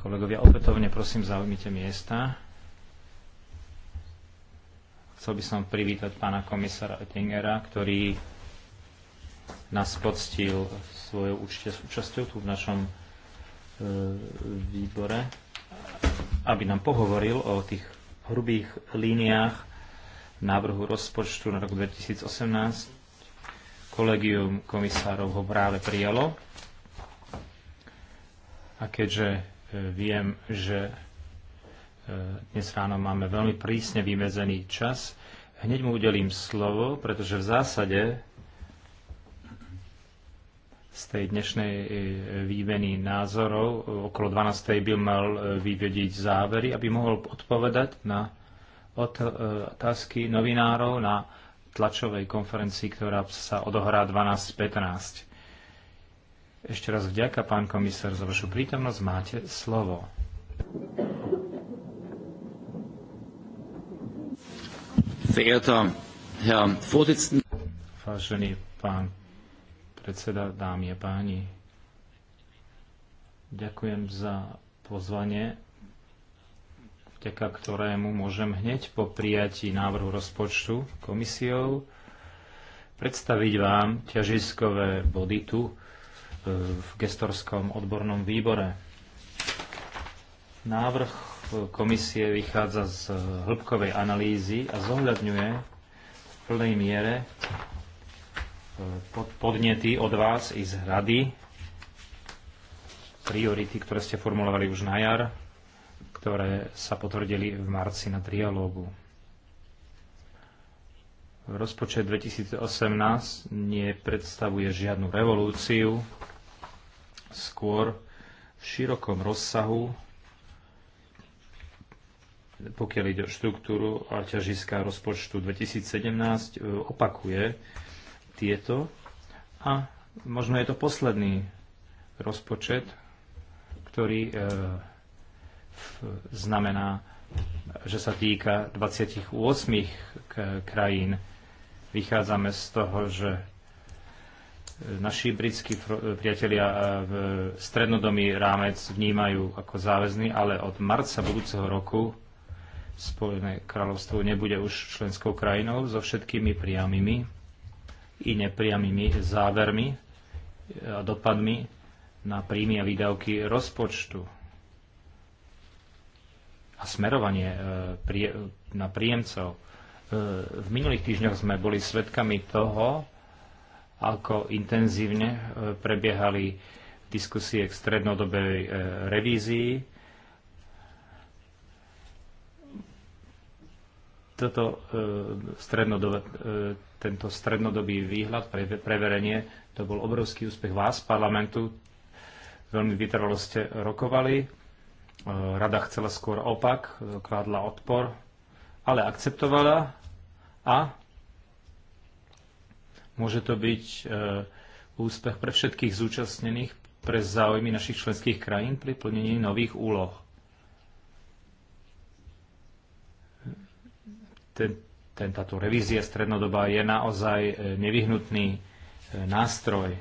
Kolegovia, opätovne prosím, zaujmite miesta. Chcel by som privítať pána komisára Oettingera, ktorý nás poctil svojou účasťou tu v našom e, výbore, aby nám pohovoril o tých hrubých líniách návrhu rozpočtu na rok 2018 kolegium komisárov ho práve prijalo. A keďže e, viem, že e, dnes ráno máme veľmi prísne vymedzený čas, hneď mu udelím slovo, pretože v zásade z tej dnešnej e, výmeny názorov okolo 12. by mal vyvediť závery, aby mohol odpovedať na otázky novinárov, na tlačovej konferencii, ktorá sa odohrá 12.15. Ešte raz vďaka, pán komisár, za vašu prítomnosť. Máte slovo. Vážený pán predseda, dámy a páni, ďakujem za pozvanie vďaka ktorému môžem hneď po prijatí návrhu rozpočtu komisiou predstaviť vám ťažiskové body tu e, v gestorskom odbornom výbore. Návrh komisie vychádza z hĺbkovej analýzy a zohľadňuje v plnej miere e, podnety od vás i z rady, priority, ktoré ste formulovali už na jar, ktoré sa potvrdili v marci na trialógu. Rozpočet 2018 nepredstavuje žiadnu revolúciu, skôr v širokom rozsahu, pokiaľ ide o štruktúru a ťažiska rozpočtu 2017, e, opakuje tieto a možno je to posledný rozpočet, ktorý e, znamená, že sa týka 28 krajín. Vychádzame z toho, že naši britskí priatelia e, v strednodomý rámec vnímajú ako záväzný, ale od marca budúceho roku Spojené kráľovstvo nebude už členskou krajinou so všetkými priamými i nepriamými závermi a dopadmi na príjmy a výdavky rozpočtu a smerovanie e, na príjemcov. E, v minulých týždňoch sme boli svedkami toho, ako intenzívne e, prebiehali diskusie k strednodobej revízii. Toto strednodobé, tento strednodobý výhľad, pre, preverenie, to bol obrovský úspech vás, parlamentu. Veľmi vytrvalo ste rokovali Rada chcela skôr opak, kládla odpor, ale akceptovala a môže to byť e, úspech pre všetkých zúčastnených, pre záujmy našich členských krajín pri plnení nových úloh. Ten, ten, táto revízia strednodobá je naozaj e, nevyhnutný e, nástroj.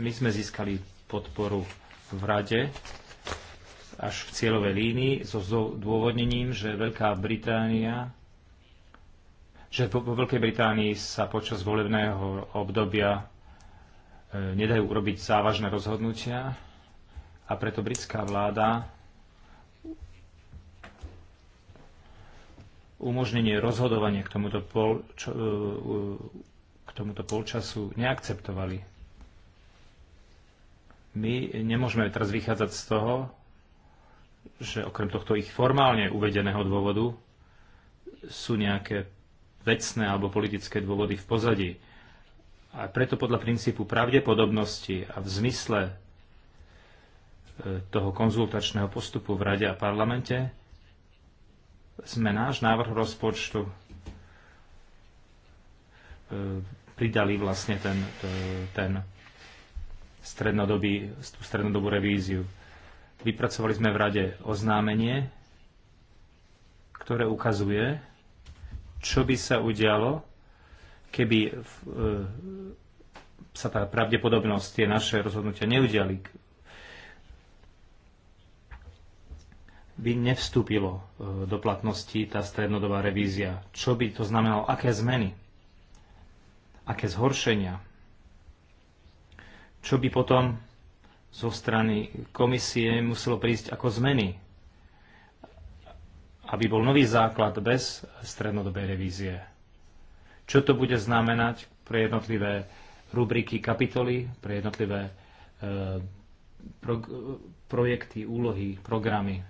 My sme získali podporu v Rade, až v cieľovej línii so dôvodnením, že Veľká Británia že po Veľkej Británii sa počas volebného obdobia e, nedajú urobiť závažné rozhodnutia a preto britská vláda umožnenie rozhodovania k tomuto, pol, čo, e, k tomuto polčasu neakceptovali. My nemôžeme teraz vychádzať z toho, že okrem tohto ich formálne uvedeného dôvodu sú nejaké vecné alebo politické dôvody v pozadí. A preto podľa princípu pravdepodobnosti a v zmysle e, toho konzultačného postupu v Rade a parlamente sme náš návrh rozpočtu e, pridali vlastne ten, e, ten strednodobý, tú strednodobú revíziu. Vypracovali sme v rade oznámenie, ktoré ukazuje, čo by sa udialo, keby e, sa tá pravdepodobnosť tie naše rozhodnutia neudiali, by nevstúpilo e, do platnosti tá strednodobá revízia. Čo by to znamenalo? Aké zmeny? Aké zhoršenia? Čo by potom zo strany komisie muselo prísť ako zmeny, aby bol nový základ bez strednodobej revízie. Čo to bude znamenať pre jednotlivé rubriky kapitoly, pre jednotlivé e, pro, projekty, úlohy, programy.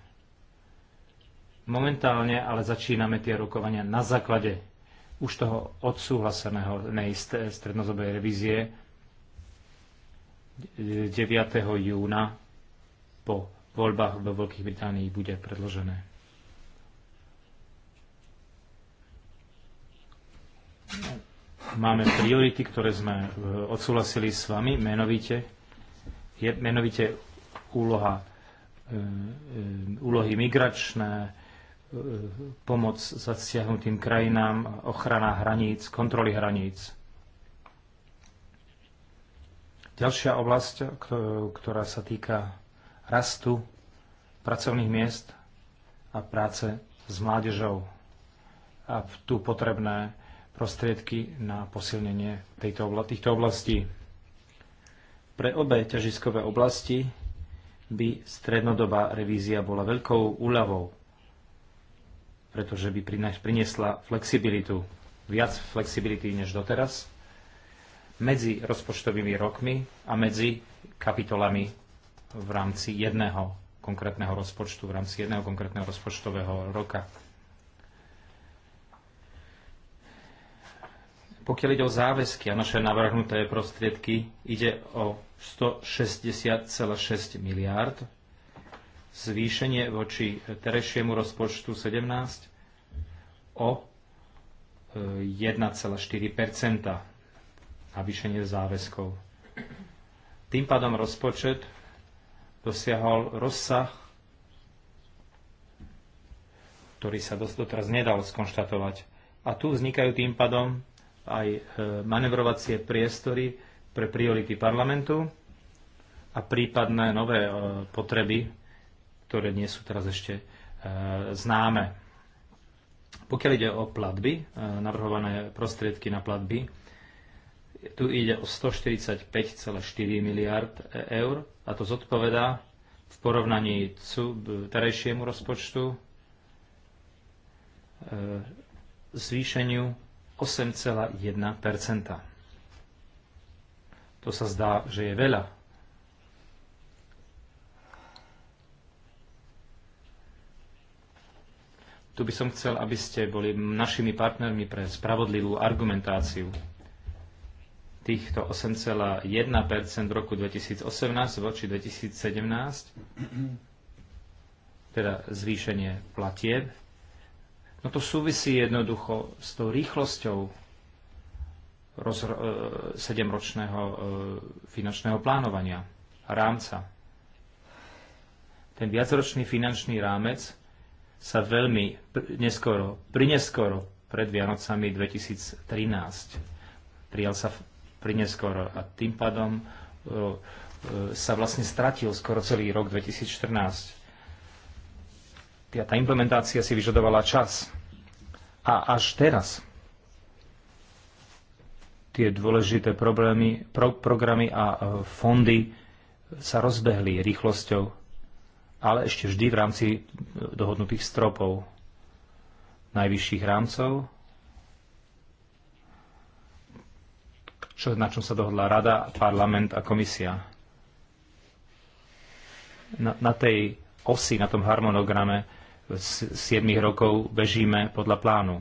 Momentálne ale začíname tie rokovania na základe už toho odsúhlaseného strednozobej revízie, 9. júna po voľbách vo Veľkých Británii bude predložené. Máme priority, ktoré sme e, odsúhlasili s vami, menovite, je, menovite úloha, e, e, úlohy migračné, pomoc zasiahnutým krajinám, ochrana hraníc, kontroly hraníc Ďalšia oblasť, ktorá sa týka rastu pracovných miest a práce s mládežou a tu potrebné prostriedky na posilnenie tejto, týchto oblastí. Pre obe ťažiskové oblasti by strednodobá revízia bola veľkou úľavou, pretože by priniesla flexibilitu, viac flexibility než doteraz medzi rozpočtovými rokmi a medzi kapitolami v rámci jedného konkrétneho rozpočtu, v rámci jedného konkrétneho rozpočtového roka. Pokiaľ ide o záväzky a naše navrhnuté prostriedky, ide o 160,6 miliárd, zvýšenie voči terejšiemu rozpočtu 17 o 1,4 e, navýšenie záväzkov. Tým pádom rozpočet dosiahol rozsah, ktorý sa doteraz nedal skonštatovať. A tu vznikajú tým pádom aj e, manevrovacie priestory pre priority parlamentu a prípadné nové e, potreby, ktoré nie sú teraz ešte e, známe. Pokiaľ ide o platby, navrhované prostriedky na platby, tu ide o 145,4 miliard e, eur a to zodpovedá v porovnaní terajšiemu rozpočtu e, zvýšeniu 8,1 To sa zdá, že je veľa. Tu by som chcel, aby ste boli našimi partnermi pre spravodlivú argumentáciu týchto 8,1 v roku 2018 voči 2017, teda zvýšenie platieb. No to súvisí jednoducho s tou rýchlosťou e, sedemročného e, finančného plánovania a rámca. Ten viacročný finančný rámec sa veľmi neskoro, prineskoro pred Vianocami 2013 prijal sa prineskôr A tým pádom e, e, sa vlastne stratil skoro celý rok 2014. Tá implementácia si vyžadovala čas. A až teraz tie dôležité problémy, pro, programy a e, fondy sa rozbehli rýchlosťou, ale ešte vždy v rámci dohodnutých stropov, najvyšších rámcov čo, na čom sa dohodla Rada, parlament a komisia. Na, na tej osi, na tom harmonograme z 7 rokov bežíme podľa plánu.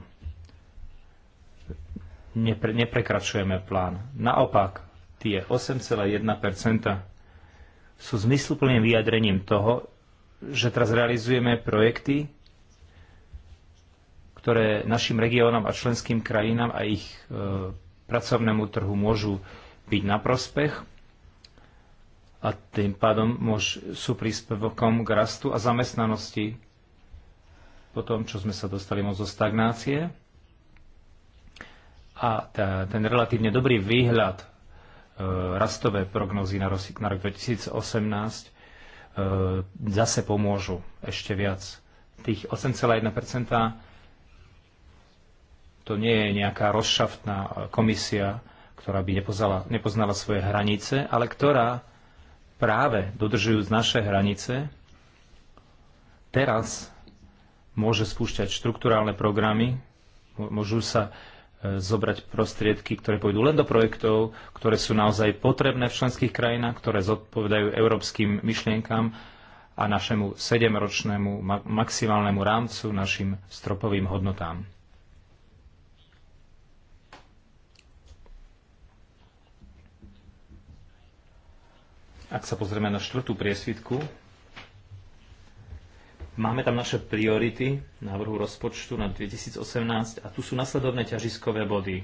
Nepre, neprekračujeme plán. Naopak, tie 8,1% sú zmysluplným vyjadrením toho, že teraz realizujeme projekty, ktoré našim regiónom a členským krajinám a ich e, pracovnému trhu môžu byť na prospech a tým pádom môž, sú príspevokom k rastu a zamestnanosti po tom, čo sme sa dostali moc zo stagnácie. A tá, ten relatívne dobrý výhľad e, rastové prognozy na, rosik, na rok 2018 e, zase pomôžu ešte viac. Tých 8,1% to nie je nejaká rozšaftná e, komisia, ktorá by nepoznala, nepoznala svoje hranice, ale ktorá práve dodržujúc naše hranice, teraz môže spúšťať štrukturálne programy, môžu sa e, zobrať prostriedky, ktoré pôjdu len do projektov, ktoré sú naozaj potrebné v členských krajinách, ktoré zodpovedajú európskym myšlienkám a našemu sedemročnému maximálnemu rámcu, našim stropovým hodnotám. Ak sa pozrieme na štvrtú priesvitku, máme tam naše priority návrhu rozpočtu na 2018 a tu sú nasledovné ťažiskové body.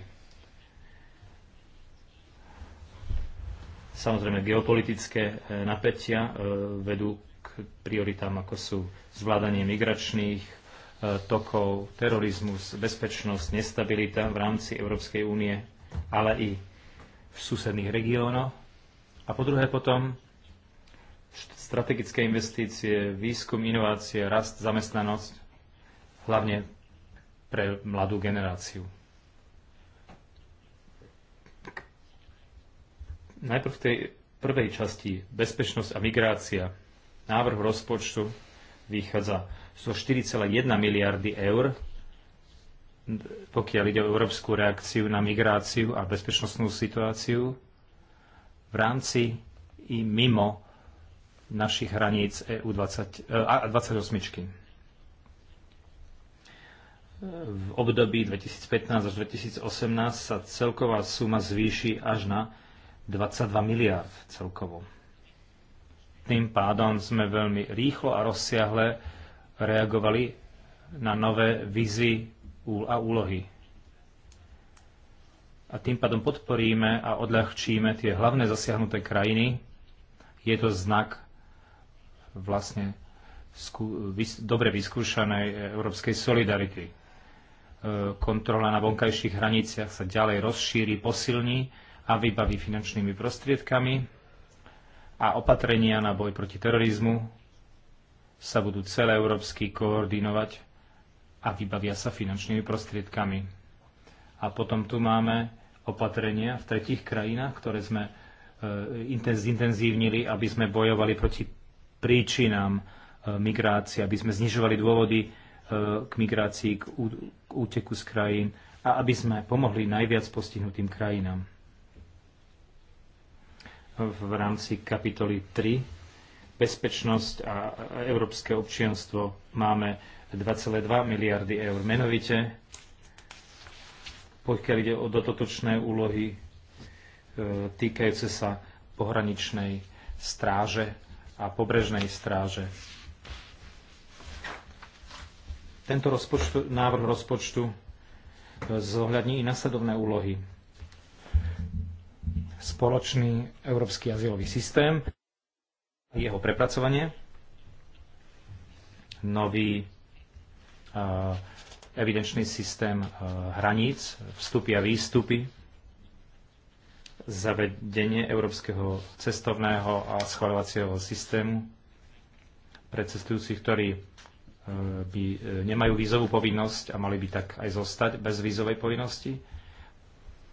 Samozrejme, geopolitické e, napätia e, vedú k prioritám, ako sú zvládanie migračných e, tokov, terorizmus, bezpečnosť, nestabilita v rámci Európskej únie, ale i v susedných regiónoch a po druhé potom strategické investície, výskum, inovácie, rast, zamestnanosť, hlavne pre mladú generáciu. Najprv v tej prvej časti bezpečnosť a migrácia. Návrh rozpočtu vychádza zo 4,1 miliardy eur, pokiaľ ide o európsku reakciu na migráciu a bezpečnostnú situáciu v rámci i mimo našich hraníc EU 28. E, v období 2015 až 2018 sa celková suma zvýši až na 22 miliard celkovo. Tým pádom sme veľmi rýchlo a rozsiahle reagovali na nové výzvy a úlohy a tým pádom podporíme a odľahčíme tie hlavné zasiahnuté krajiny. Je to znak vlastne skú, vys, dobre vyskúšanej e, európskej solidarity. E, kontrola na vonkajších hraniciach sa ďalej rozšíri, posilní a vybaví finančnými prostriedkami a opatrenia na boj proti terorizmu sa budú celé európsky koordinovať a vybavia sa finančnými prostriedkami a potom tu máme opatrenia v tretich krajinách, ktoré sme e, zintenzívnili, aby sme bojovali proti príčinám e, migrácie, aby sme znižovali dôvody e, k migrácii, k úteku z krajín a aby sme pomohli najviac postihnutým krajinám. V rámci kapitoly 3 bezpečnosť a európske občianstvo máme 2,2 miliardy eur. Menovite pokiaľ ide o dodatočné úlohy e, týkajúce sa pohraničnej stráže a pobrežnej stráže. Tento rozpočtu, návrh rozpočtu e, zohľadní i nasledovné úlohy. Spoločný európsky azylový systém, jeho prepracovanie, nový uh, evidenčný systém e, hraníc, vstupy a výstupy, zavedenie európskeho cestovného a schváľovacieho systému pre cestujúcich, ktorí e, by e, nemajú vízovú povinnosť a mali by tak aj zostať bez vízovej povinnosti,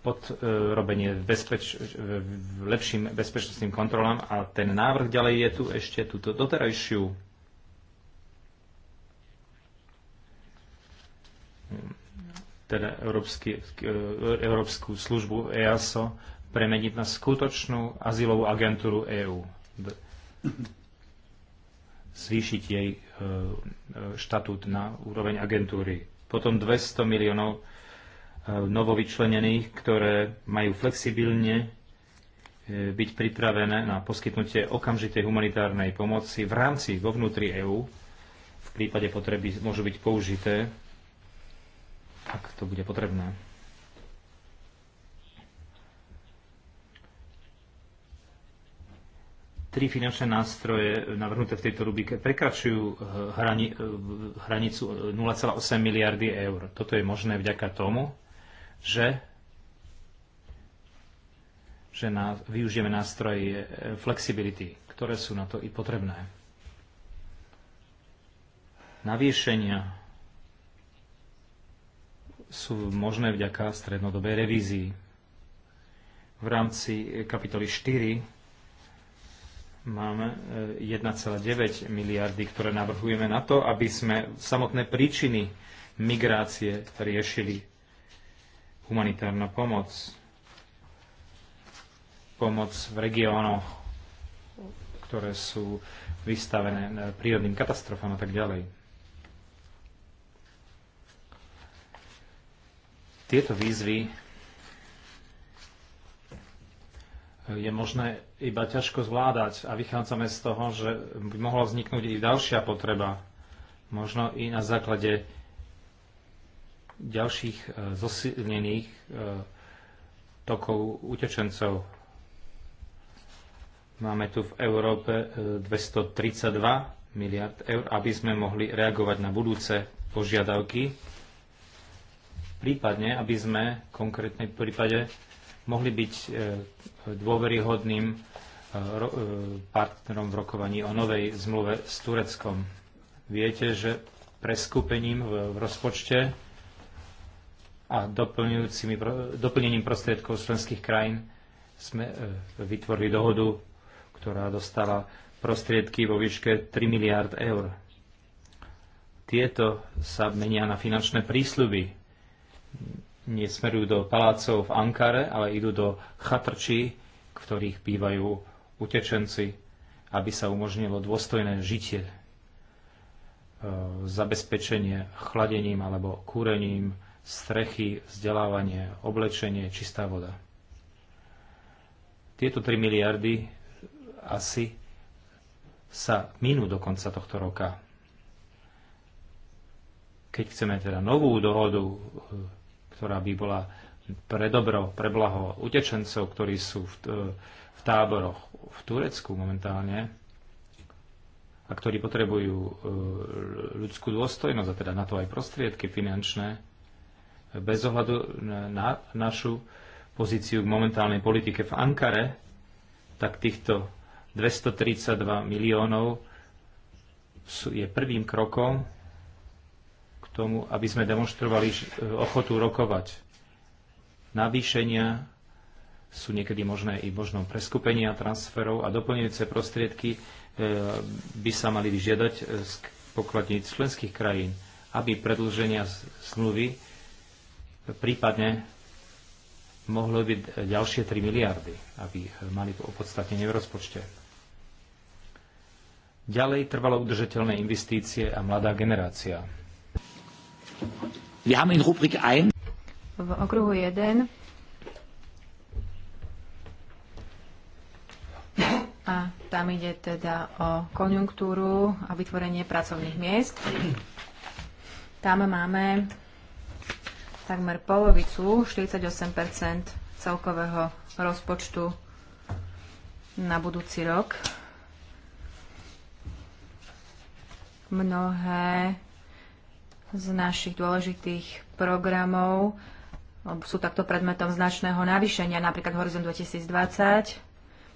podrobenie bezpeč- lepším bezpečnostným kontrolám a ten návrh ďalej je tu ešte túto doterajšiu teda Európsky, e, Európsku službu EASO premeniť na skutočnú azylovú agentúru EÚ. Zvýšiť jej e, e, štatút na úroveň agentúry. Potom 200 miliónov novovyčlenených, ktoré majú flexibilne byť pripravené na poskytnutie okamžitej humanitárnej pomoci v rámci vo vnútri EÚ. V prípade potreby môžu byť použité ak to bude potrebné. Tri finančné nástroje navrhnuté v tejto rubike prekračujú eh, hrani, eh, hranicu 0,8 eh, miliardy eur. Toto je možné vďaka tomu, že že na, využijeme nástroje flexibility, ktoré sú na to i potrebné. Naviešenia sú možné vďaka strednodobej revízii. V rámci kapitoly 4 máme 1,9 e, miliardy, ktoré navrhujeme na to, aby sme samotné príčiny migrácie riešili. Humanitárna pomoc, pomoc v regiónoch, ktoré sú vystavené e, prírodným katastrofám a tak ďalej Tieto výzvy je možné iba ťažko zvládať a vychádzame z toho, že by mohla vzniknúť i ďalšia potreba, možno i na základe ďalších e, zosilnených e, tokov utečencov. Máme tu v Európe 232 e, miliard eur, aby sme mohli reagovať na budúce požiadavky prípadne, aby sme v konkrétnej prípade mohli byť e, dôveryhodným e, e, partnerom v rokovaní o novej zmluve s Tureckom. Viete, že preskúpením v rozpočte a doplnením prostriedkov členských krajín sme vytvorili dohodu, ktorá dostala prostriedky vo výške 3 miliard eur. Tieto sa menia na finančné prísľuby nesmerujú do palácov v Ankare, ale idú do chatrčí, v ktorých bývajú utečenci, aby sa umožnilo dôstojné žitie, e, zabezpečenie chladením alebo kúrením, strechy, vzdelávanie, oblečenie, čistá voda. Tieto 3 miliardy asi sa minú do konca tohto roka. Keď chceme teda novú dohodu e, ktorá by bola pre dobro, pre blaho utečencov, ktorí sú v, v táboroch v Turecku momentálne a ktorí potrebujú e, ľudskú dôstojnosť a teda na to aj prostriedky finančné, bez ohľadu na našu pozíciu k momentálnej politike v Ankare, tak týchto 232 miliónov je prvým krokom tomu, aby sme demonstrovali e, ochotu rokovať. Navýšenia sú niekedy možné i možno preskupenia transferov a doplňujúce prostriedky e, by sa mali vyžiadať e, z pokladníc členských krajín, aby predlženia zmluvy prípadne mohlo byť ďalšie 3 miliardy, aby mali opodstatnenie v rozpočte. Ďalej trvalo udržateľné investície a mladá generácia. Wir haben in Rubrik 1 v okruhu 1 a tam ide teda o konjunktúru a vytvorenie pracovných miest. Tam máme takmer polovicu, 48 celkového rozpočtu na budúci rok. Mnohé z našich dôležitých programov sú takto predmetom značného navýšenia, napríklad Horizon 2020,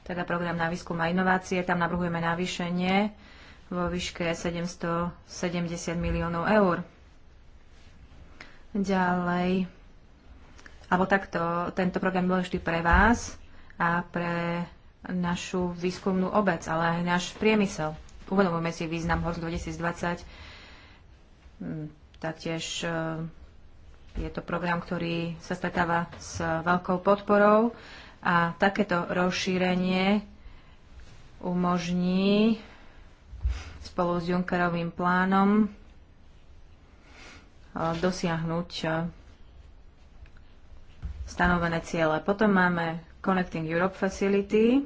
teda program na výskum a inovácie, tam navrhujeme navýšenie vo výške 770 miliónov eur. Ďalej, alebo takto, tento program je dôležitý pre vás a pre našu výskumnú obec, ale aj náš priemysel. Uvedomujeme si význam Horizon 2020 Taktiež e, je to program, ktorý sa stretáva s veľkou podporou a takéto rozšírenie umožní spolu s Junckerovým plánom e, dosiahnuť e, stanovené ciele. Potom máme Connecting Europe Facility,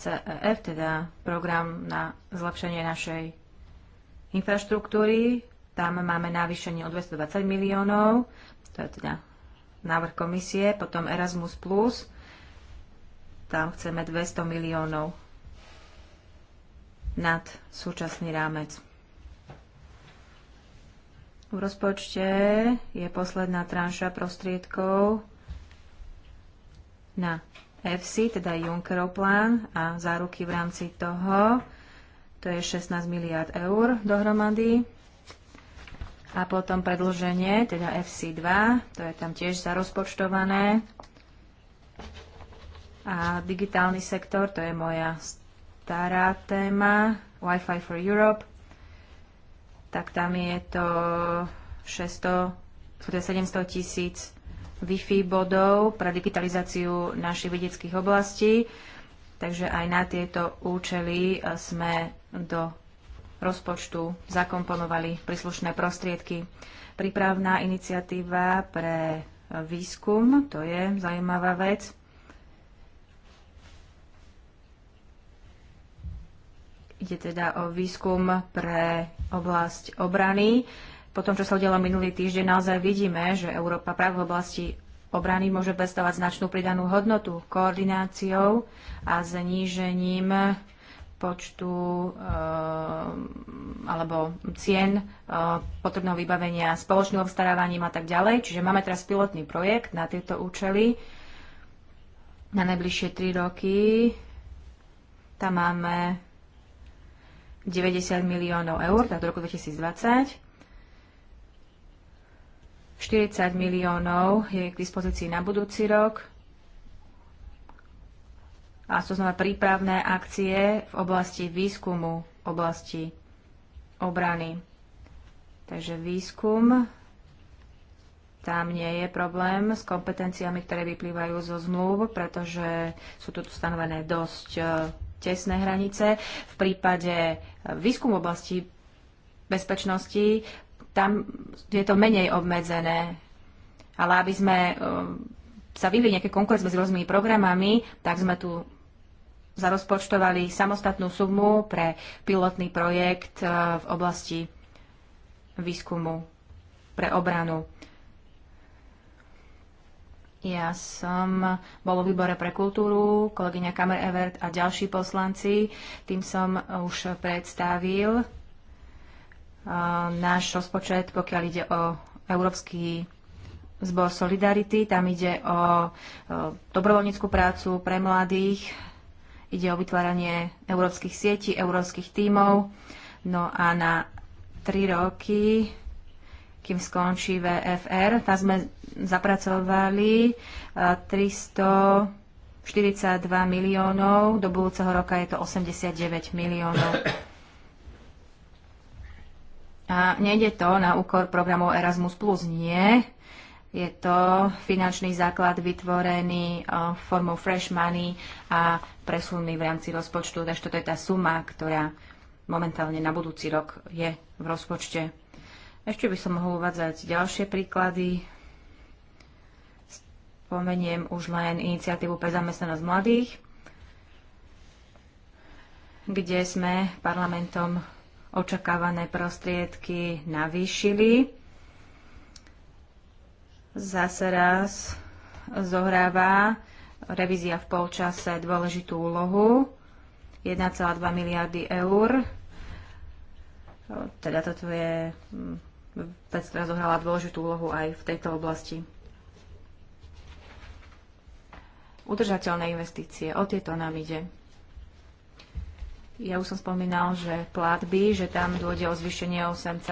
CEF, teda program na zlepšenie našej infraštruktúry. Tam máme navýšenie o 220 miliónov, to je teda návrh komisie, potom Erasmus+, plus, tam chceme 200 miliónov nad súčasný rámec. V rozpočte je posledná tranša prostriedkov na FC, teda Junckerov plán a záruky v rámci toho, to je 16 miliard eur dohromady. A potom predlženie, teda FC2, to je tam tiež zarozpočtované. A digitálny sektor, to je moja stará téma, Wi-Fi for Europe, tak tam je to 600, to 700 tisíc Wi-Fi bodov pre digitalizáciu našich vedeckých oblastí. Takže aj na tieto účely e, sme do rozpočtu zakomponovali príslušné prostriedky. Prípravná iniciatíva pre výskum, to je zaujímavá vec. Ide teda o výskum pre oblasť obrany. Po tom, čo sa udialo minulý týždeň, naozaj vidíme, že Európa práve v oblasti obrany môže predstavovať značnú pridanú hodnotu koordináciou a znížením počtu ehm, alebo cien eh, potrebného vybavenia spoločným obstarávaním a tak ďalej. Čiže máme teraz pilotný projekt na tieto účely na najbližšie 3 roky. Tam máme 90 miliónov eur do roku 2020. 40 miliónov je k dispozícii na budúci rok a sú znamená prípravné akcie v oblasti výskumu, v oblasti obrany. Takže výskum, tam nie je problém s kompetenciami, ktoré vyplývajú zo zmluv, pretože sú tu stanovené dosť e, tesné hranice. V prípade e, výskumu oblasti bezpečnosti tam je to menej obmedzené. Ale aby sme e, sa vyvili nejaké konkurence medzi rôznymi programami, tak sme tu zarozpočtovali samostatnú sumu pre pilotný projekt e, v oblasti výskumu pre obranu. Ja som bol v výbore pre kultúru, kolegyňa Kamer Evert a ďalší poslanci. Tým som už predstavil e, náš rozpočet, pokiaľ ide o Európsky zbor Solidarity. Tam ide o e, dobrovoľníckú prácu pre mladých, Ide o vytváranie európskych sietí, európskych tímov. No a na tri roky, kým skončí VFR, tam sme zapracovali 342 eh, miliónov, do budúceho roka je to 89 miliónov. A nejde to na úkor programov Erasmus+, nie. Je to finančný základ vytvorený eh, formou fresh money a presuny v rámci rozpočtu, takže toto je tá suma, ktorá momentálne na budúci rok je v rozpočte. Ešte by som mohol uvádzať ďalšie príklady. Spomeniem už len iniciatívu pre zamestnanosť mladých, kde sme parlamentom očakávané prostriedky navýšili. Zase raz zohráva revízia v polčase dôležitú úlohu 1,2 miliardy eur. Teda toto je mm, vec, ktorá zohrala dôležitú úlohu aj v tejto oblasti. Udržateľné investície, o tieto nám ide. Ja už som spomínal, že platby, že tam dôjde o zvýšenie 8,1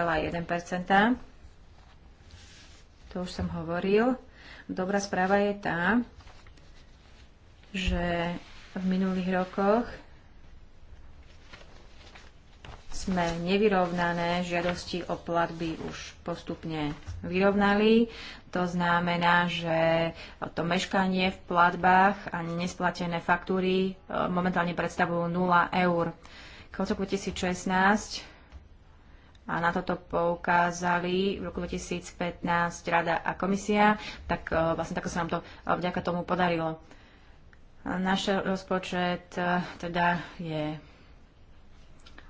To už som hovoril. Dobrá správa je tá, že v minulých rokoch sme nevyrovnané žiadosti o platby už postupne vyrovnali. To znamená, že to meškanie v platbách a nesplatené faktúry e, momentálne predstavujú 0 eur. K roku 2016 a na toto poukázali v roku 2015 Rada a komisia, tak e, vlastne tak sa nám to e, vďaka tomu podarilo. Náš rozpočet e, teda je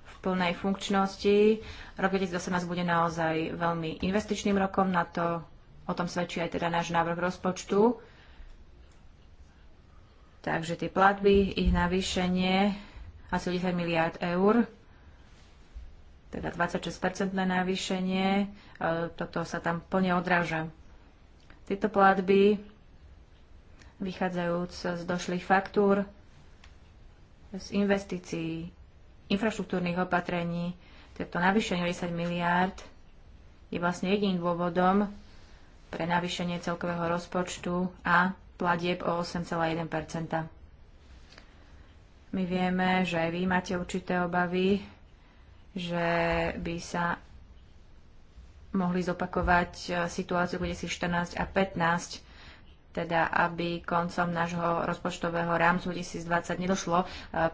v plnej funkčnosti. Rok 2018 bude naozaj veľmi investičným rokom, na to o tom svedčí aj teda náš návrh rozpočtu. Takže tie platby, ich navýšenie asi 10 miliard eur, teda 26-percentné navýšenie, e, toto sa tam plne odráža. Tieto platby vychádzajúc z došlých faktúr, z investícií, infraštruktúrnych opatrení, tieto navýšenie 10 miliárd je vlastne jediným dôvodom pre navýšenie celkového rozpočtu a platieb o 8,1 My vieme, že aj vy máte určité obavy, že by sa mohli zopakovať situáciu 2014 a 15 teda aby koncom nášho rozpočtového rámcu 2020 nedošlo eh,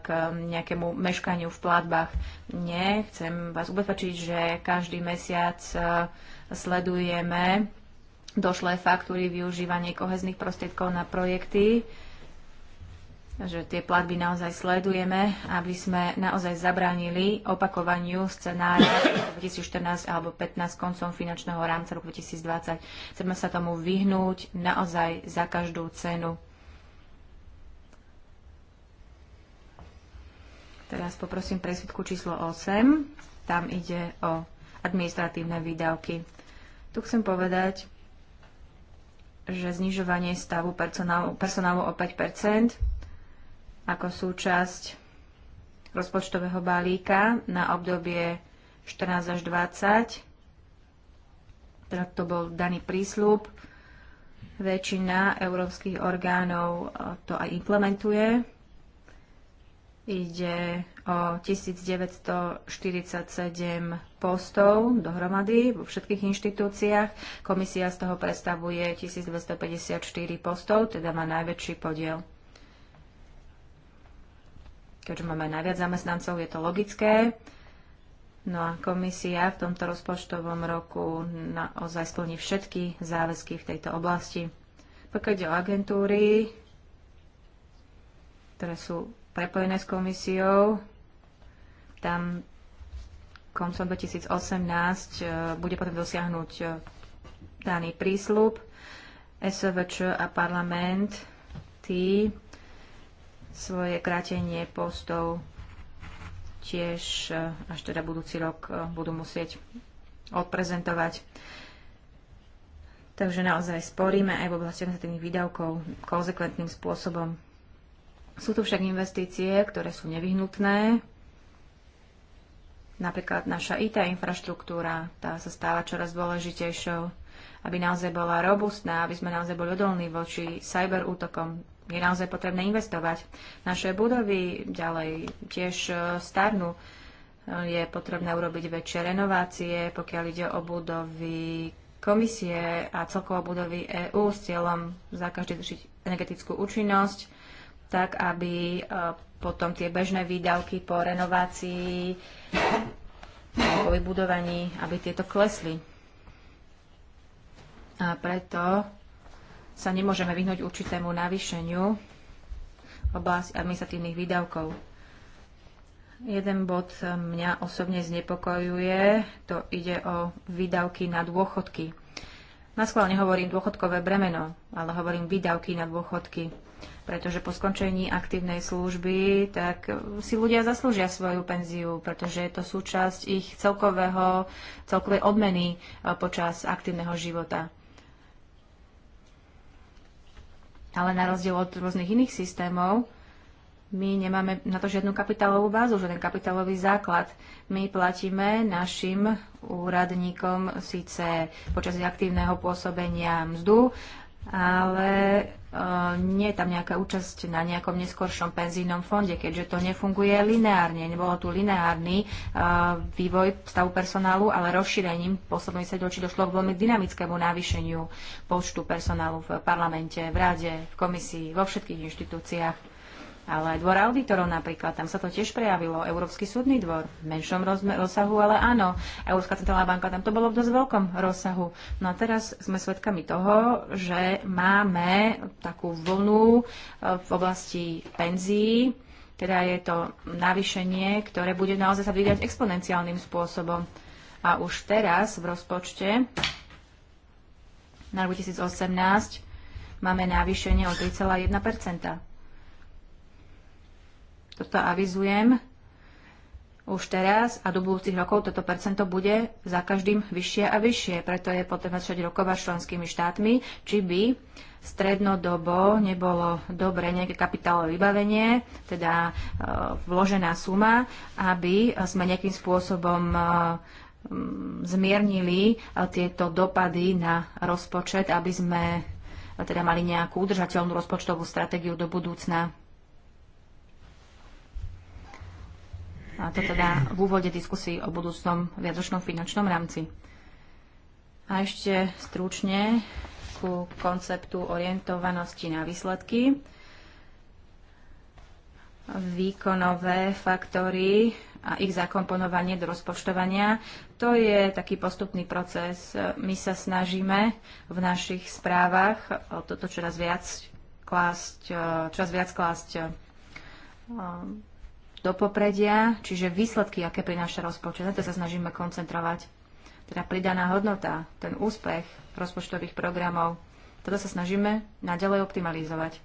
k nejakému meškaniu v platbách. Nie, chcem vás ubezpečiť, že každý mesiac eh, sledujeme došlé faktúry, využívanie kohezných prostriedkov na projekty že tie platby naozaj sledujeme, aby sme naozaj zabránili opakovaniu scenára 2014 alebo 15 koncom finančného rámca roku 2020. Chceme sa tomu vyhnúť naozaj za každú cenu. Teraz poprosím presvitku číslo 8. Tam ide o administratívne výdavky. Tu chcem povedať, že znižovanie stavu personálu, personálu o 5 ako súčasť rozpočtového balíka na obdobie 14 až 20. Teda to bol daný prísľub. Väčšina európskych orgánov eh, to aj implementuje. Ide o 1947 postov dohromady vo všetkých inštitúciách. Komisia z toho predstavuje 1254 postov, teda má najväčší podiel. Keďže máme najviac zamestnancov, je to logické. No a komisia v tomto rozpočtovom roku naozaj splní všetky záväzky v tejto oblasti. Pokiaľ ide o agentúry, ktoré sú prepojené s komisiou, tam koncom 2018 e, bude potom dosiahnuť e, daný prísľub. SVČ a parlament tí svoje krátenie postov tiež e, až teda budúci rok e, budú musieť odprezentovať. Takže naozaj sporíme aj v oblasti administratívnych výdavkov konzekventným spôsobom. Sú tu však investície, ktoré sú nevyhnutné. Napríklad naša IT infraštruktúra, tá sa stáva čoraz dôležitejšou, aby naozaj bola robustná, aby sme naozaj boli odolní voči cyberútokom, je naozaj potrebné investovať. Naše budovy ďalej tiež e, starnú. E, je potrebné urobiť väčšie renovácie, pokiaľ ide o budovy komisie a celkovo budovy EÚ s cieľom za každý držiť energetickú účinnosť, tak aby e, potom tie bežné výdavky po renovácii, po vybudovaní, aby tieto klesli. A preto sa nemôžeme vyhnúť určitému navýšeniu oblasti administratívnych výdavkov. Jeden bod mňa osobne znepokojuje, to ide o výdavky na dôchodky. Na schvál nehovorím dôchodkové bremeno, ale hovorím výdavky na dôchodky, pretože po skončení aktívnej služby tak si ľudia zaslúžia svoju penziu, pretože je to súčasť ich celkového, celkovej odmeny eh, počas aktívneho života. Ale na rozdiel od rôznych iných systémov, my nemáme na to žiadnu kapitálovú bázu, žiaden kapitálový základ. My platíme našim úradníkom síce počas aktívneho pôsobenia mzdu, ale Eh, nie je tam nejaká účasť na nejakom neskoršom penzijnom fonde, keďže to nefunguje lineárne. Nebolo tu lineárny eh, vývoj stavu personálu, ale rozšírením posledných sedločí došlo k veľmi dynamickému navýšeniu počtu personálu v parlamente, v rade, v komisii, vo všetkých inštitúciách ale aj dvor auditorov napríklad, tam sa to tiež prejavilo, Európsky súdny dvor v menšom rozsahu, ale áno, Európska centrálna banka, tam to bolo v dosť veľkom rozsahu. No a teraz sme svedkami toho, že máme takú vlnu e, v oblasti penzií, teda je to navýšenie, ktoré bude naozaj sa vyvíjať exponenciálnym spôsobom. A už teraz v rozpočte na 2018 máme navýšenie o 3,1 toto avizujem už teraz a do budúcich rokov toto percento bude za každým vyššie a vyššie. Preto je potrebné začať rokovať s členskými štátmi, či by strednodobo nebolo dobre nejaké kapitálové vybavenie, teda e, vložená suma, aby sme nejakým spôsobom e, zmiernili e, tieto dopady na rozpočet, aby sme teda mali nejakú udržateľnú rozpočtovú stratégiu do budúcna. A to teda v úvode diskusí o budúcnom viacročnom finančnom rámci. A ešte stručne ku konceptu orientovanosti na výsledky. Výkonové faktory a ich zakomponovanie do rozpočtovania. To je taký postupný proces. My sa snažíme v našich správach o toto čoraz viac klásť, čoraz viac klásť do popredia, čiže výsledky, aké prináša rozpočet. Na to sa snažíme koncentrovať. Teda pridaná hodnota, ten úspech rozpočtových programov, toto sa snažíme naďalej optimalizovať.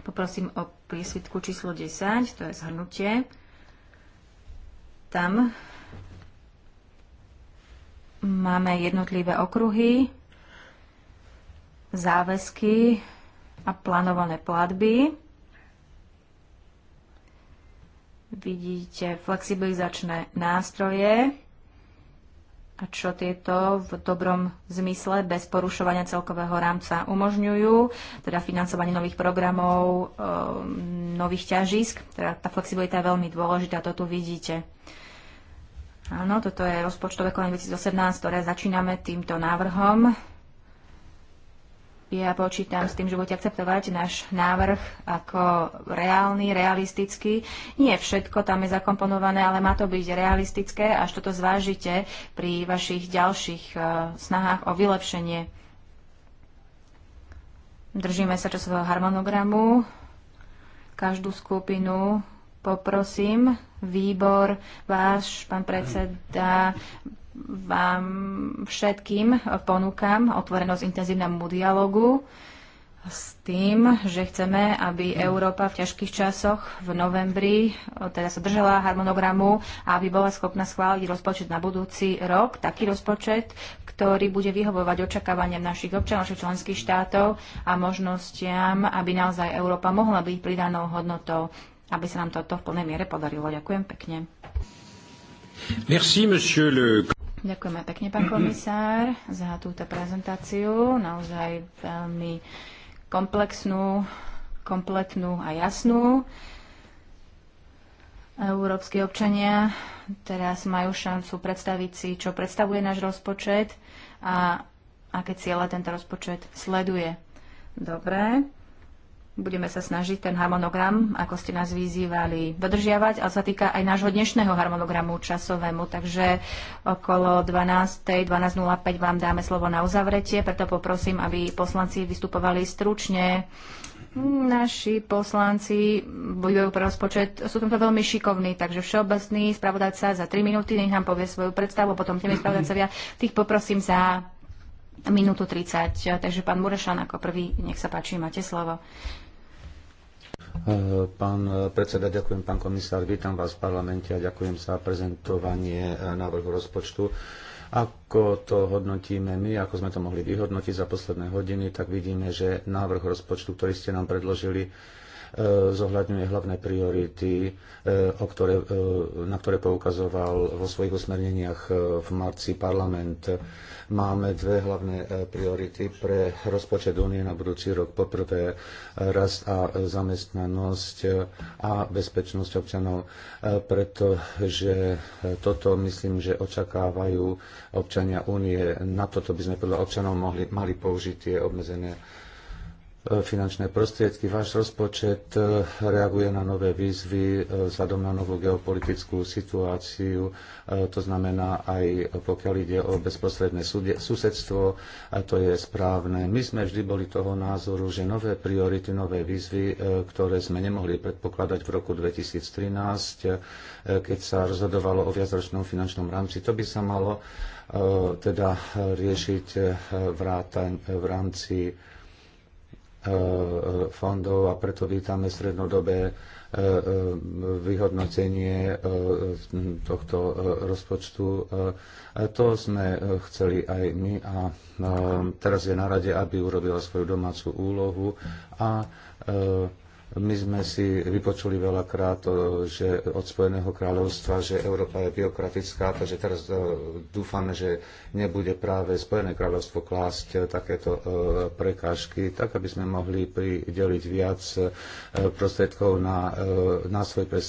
Poprosím o prísvitku číslo 10, to je zhrnutie. Tam máme jednotlivé okruhy, záväzky a plánované platby. Vidíte flexibilizačné nástroje, a čo tieto v dobrom zmysle bez porušovania celkového rámca umožňujú, teda financovanie nových programov, e, nových ťažisk. Teda tá flexibilita je veľmi dôležitá, to tu vidíte. Áno, toto je rozpočtové konanie 2018, ktoré začíname týmto návrhom. Ja počítam s tým, že budete akceptovať náš návrh ako reálny, realistický. Nie všetko tam je zakomponované, ale má to byť realistické, až toto zvážite pri vašich ďalších e, snahách o vylepšenie. Držíme sa časového harmonogramu. Každú skupinu poprosím výbor, váš pán predseda, vám všetkým ponúkam otvorenosť intenzívnemu dialogu s tým, že chceme, aby Európa v ťažkých časoch v novembri eh, teda sa držala harmonogramu a aby bola schopná schváliť rozpočet na budúci rok, taký rozpočet, ktorý bude vyhovovať očakávaniam našich občanov, našich členských štátov a možnostiam, aby naozaj Európa mohla byť pridanou hodnotou, aby sa nám toto v plnej miere podarilo. Ďakujem pekne. Merci, le... Ďakujeme pekne, pán komisár, za túto prezentáciu. Naozaj veľmi komplexnú, kompletnú a jasnú. Európsky občania teraz majú šancu predstaviť si, čo predstavuje náš rozpočet a aké cieľa tento rozpočet sleduje. Dobre. Budeme sa snažiť ten harmonogram, ako ste nás vyzývali, dodržiavať, ale sa týka aj nášho dnešného harmonogramu časovému. Takže okolo 12.00, 12.05 vám dáme slovo na uzavretie, preto poprosím, aby poslanci vystupovali stručne. Naši poslanci budú pre rozpočet, sú tomto veľmi šikovní, takže všeobecný spravodajca za 3 minúty, nech nám povie svoju predstavu, potom tie spravodajcovia, tých poprosím za minútu 30. Takže pán Murešan ako prvý, nech sa páči, máte slovo. Eh, pán eh, predseda, ďakujem, pán komisár, vítam vás v parlamente a ďakujem za prezentovanie eh, návrhu rozpočtu. Ako to hodnotíme my, ako sme to mohli vyhodnotiť za posledné hodiny, tak vidíme, že návrh rozpočtu, ktorý ste nám predložili, E, zohľadňuje hlavné priority, e, o ktoré, e, na ktoré poukazoval vo svojich usmerneniach v marci parlament. Máme dve hlavné priority pre rozpočet únie na budúci rok. Poprvé rast a zamestnanosť a bezpečnosť občanov, pretože toto myslím, že očakávajú občania únie. Na toto by sme podľa občanov mohli, mali použiť tie obmedzené E, finančné prostriedky. Váš rozpočet e, reaguje na nové výzvy e, vzhľadom na novú geopolitickú situáciu, to znamená aj pokiaľ ide o bezprostredné susedstvo, a to je správne. My sme vždy boli toho názoru, že nové priority, nové výzvy, ktoré sme nemohli predpokladať v roku 2013, keď sa rozhodovalo o viacročnom finančnom rámci, to by sa malo teda riešiť v rámci E, fondov a preto vítame strednodobé e, e, vyhodnotenie tohto rozpočtu. To sme chceli aj my a teraz je na rade, aby urobila svoju domácu úlohu a my sme si vypočuli veľakrát, eh, že od Spojeného kráľovstva, že Európa je biokratická, takže teraz eh, dúfame, že nebude práve Spojené kráľovstvo klásť eh, takéto prekážky, tak aby sme mohli prideliť viac prostriedkov na nástroj pre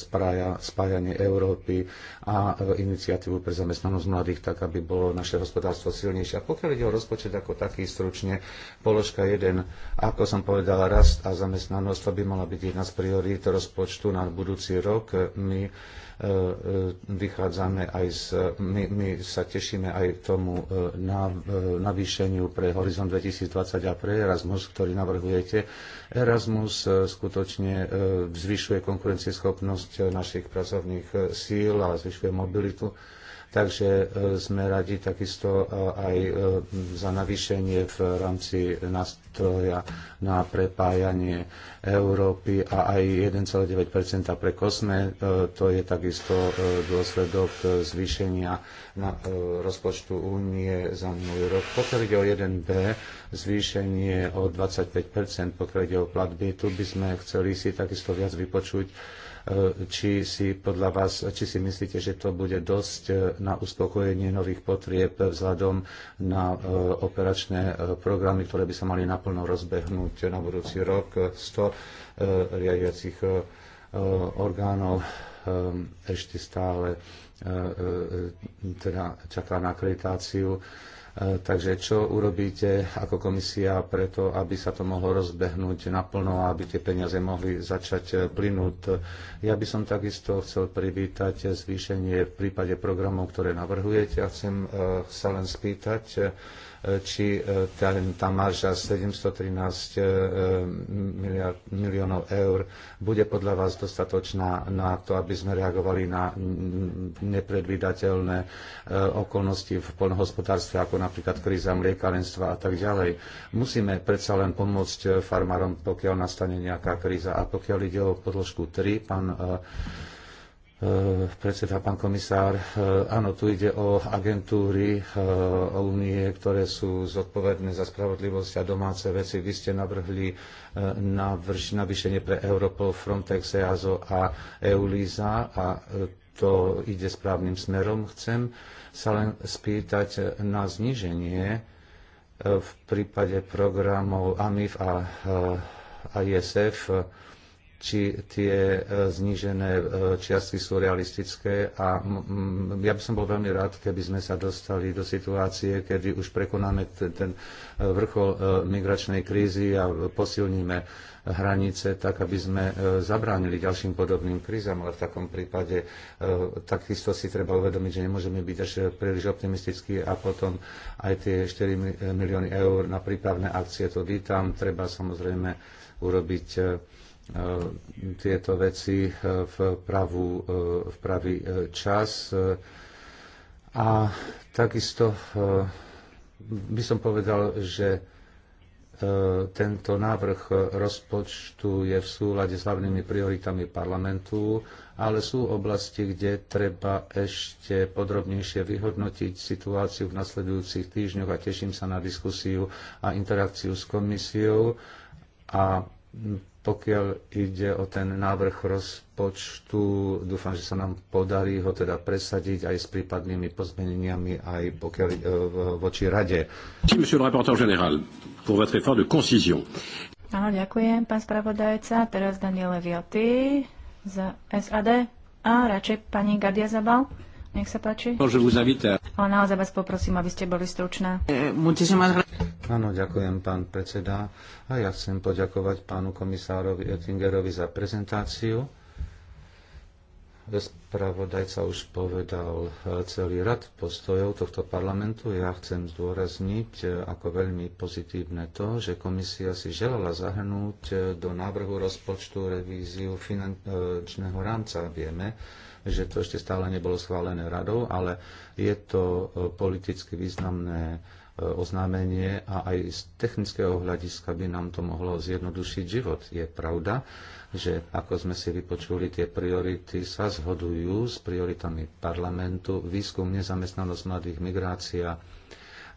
spájanie Európy a iniciatívu pre zamestnanosť mladých, tak aby bolo naše hospodárstvo silnejšie. A pokiaľ ide o rozpočet ako taký stručne, položka 1, ako som povedal, rast a zamestnanosť, to by mala byť byť jedna z priorít rozpočtu na budúci rok. My e, e, vychádzame aj z, my, my sa tešíme aj tomu e, navýšeniu pre Horizon 2020 a pre Erasmus, ktorý navrhujete. Erasmus skutočne zvyšuje konkurencieschopnosť našich pracovných síl a zvyšuje mobilitu Takže e, sme radi takisto e, aj e, za navýšenie v rámci nástroja na prepájanie Európy a aj 1,9 pre kosme. To je takisto dôsledok zvýšenia na rozpočtu únie za minulý rok. Pokiaľ ide o 1B, zvýšenie o 25 pokiaľ ide o platby, tu by sme chceli si takisto viac vypočuť E, či si podľa vás, či si myslíte, že to bude dosť e, na uspokojenie nových potrieb vzhľadom na e, operačné programy, ktoré by sa mali naplno rozbehnúť na budúci rok 100 riadiacich orgánov ešte stále teda čaká na akreditáciu E, takže čo urobíte ako komisia preto, aby sa to mohlo rozbehnúť naplno a aby tie peniaze mohli začať e, plynúť? Ja by som takisto chcel privítať zvýšenie v prípade programov, ktoré navrhujete. Ja chcem e, sa len spýtať, či e, tá marža 713 e, miliard, miliónov eur bude podľa vás dostatočná na to, aby sme reagovali na nepredvídateľné e, okolnosti v poľnohospodárstve, ako napríklad kríza mliekarenstva a tak ďalej. Musíme predsa len pomôcť farmárom, pokiaľ nastane nejaká kríza. A pokiaľ ide o podložku 3, pán Eh, predseda, pán komisár. Eh, áno, tu ide o agentúry eh, o únie, ktoré sú zodpovedné za spravodlivosť a domáce veci. Vy ste navrhli navýšenie pre Europol, Frontex, EASO a EULISA a to ide správnym smerom. Chcem sa len spýtať na zniženie v prípade programov AMIF a ISF či tie e, znížené e, čiastky sú realistické. A ja by som bol veľmi rád, keby sme sa dostali do situácie, kedy už prekonáme ten e, vrchol migračnej krízy a posilníme hranice, tak aby sme zabránili ďalším podobným krízam. Ale v takom prípade takisto si treba uvedomiť, že nemôžeme byť až príliš optimistickí a potom aj tie 4 milióny eur na prípravné akcie, to vítam. Treba samozrejme urobiť E, tieto veci e, v, pravú, e, v pravý čas. A takisto by som povedal, že tento návrh rozpočtu je v súlade s hlavnými prioritami parlamentu, ale sú oblasti, kde treba ešte podrobnejšie vyhodnotiť situáciu v nasledujúcich týždňoch a teším sa na diskusiu a interakciu s komisiou a pokiaľ ide o ten návrh rozpočtu, dúfam, že sa nám podarí ho teda presadiť aj s prípadnými pozmeneniami, aj pokiaľ e, voči rade. Monsieur le rapporteur général, pour votre effort de concision. Áno, ďakujem, pán spravodajca. Teraz Daniel Vioty za SAD a radšej pani Gadia Zabal. Nech sa páči. Ale naozaj vás poprosím, aby ste boli stručná. Eh, Áno, ďakujem, pán predseda. A ja chcem poďakovať pánu komisárovi Oettingerovi za prezentáciu. Spravodajca už povedal e, celý rad postojov tohto parlamentu. Ja chcem zdôrazniť e, ako veľmi pozitívne to, že komisia si želala zahrnúť e, do návrhu rozpočtu revíziu finančného rámca. Vieme, že to ešte stále nebolo schválené radou, ale je to politicky významné Eh, oznámenie a aj z technického hľadiska by nám to mohlo zjednodušiť život. Je pravda, že ako sme si vypočuli, tie priority sa zhodujú s prioritami parlamentu, výskum, nezamestnanosť mladých, migrácia,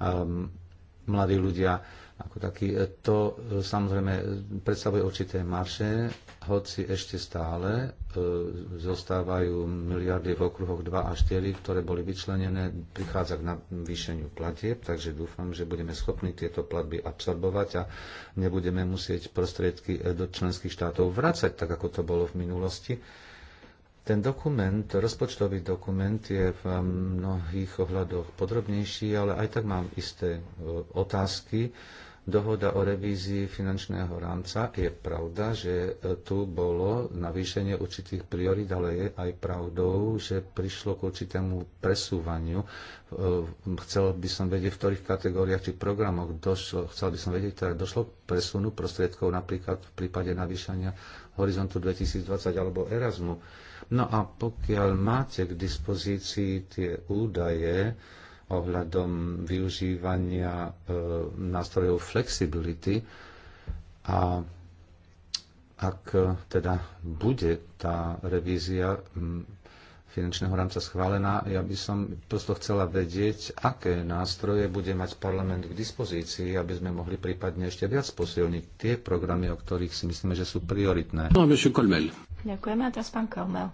ehm, mladí ľudia, ako taký. E, to e, samozrejme predstavuje určité marše, hoci ešte stále e, zostávajú miliardy v okruhoch 2 a 4, ktoré boli vyčlenené, prichádza k navýšeniu platieb, takže dúfam, že budeme schopní tieto platby absorbovať a nebudeme musieť prostriedky do členských štátov vracať, tak ako to bolo v minulosti. Ten dokument, rozpočtový dokument je v mnohých ohľadoch podrobnejší, ale aj tak mám isté otázky dohoda o revízii finančného rámca. Je pravda, že e, tu bolo navýšenie určitých priorit, ale je aj pravdou, že prišlo k určitému presúvaniu. E, chcel by som vedieť, v ktorých kategóriách či programoch došlo, chcel by som vedieť, teda došlo k presunu prostriedkov napríklad v prípade navýšania Horizontu 2020 alebo Erasmu. No a pokiaľ máte k dispozícii tie údaje, ohľadom využívania e, nástrojov flexibility a ak e, teda bude tá revízia finančného rámca schválená, ja by som prosto chcela vedieť, aké nástroje bude mať parlament k dispozícii, aby sme mohli prípadne ešte viac posilniť tie programy, o ktorých si myslíme, že sú prioritné. No, Ďakujeme a teraz pán Kolmel.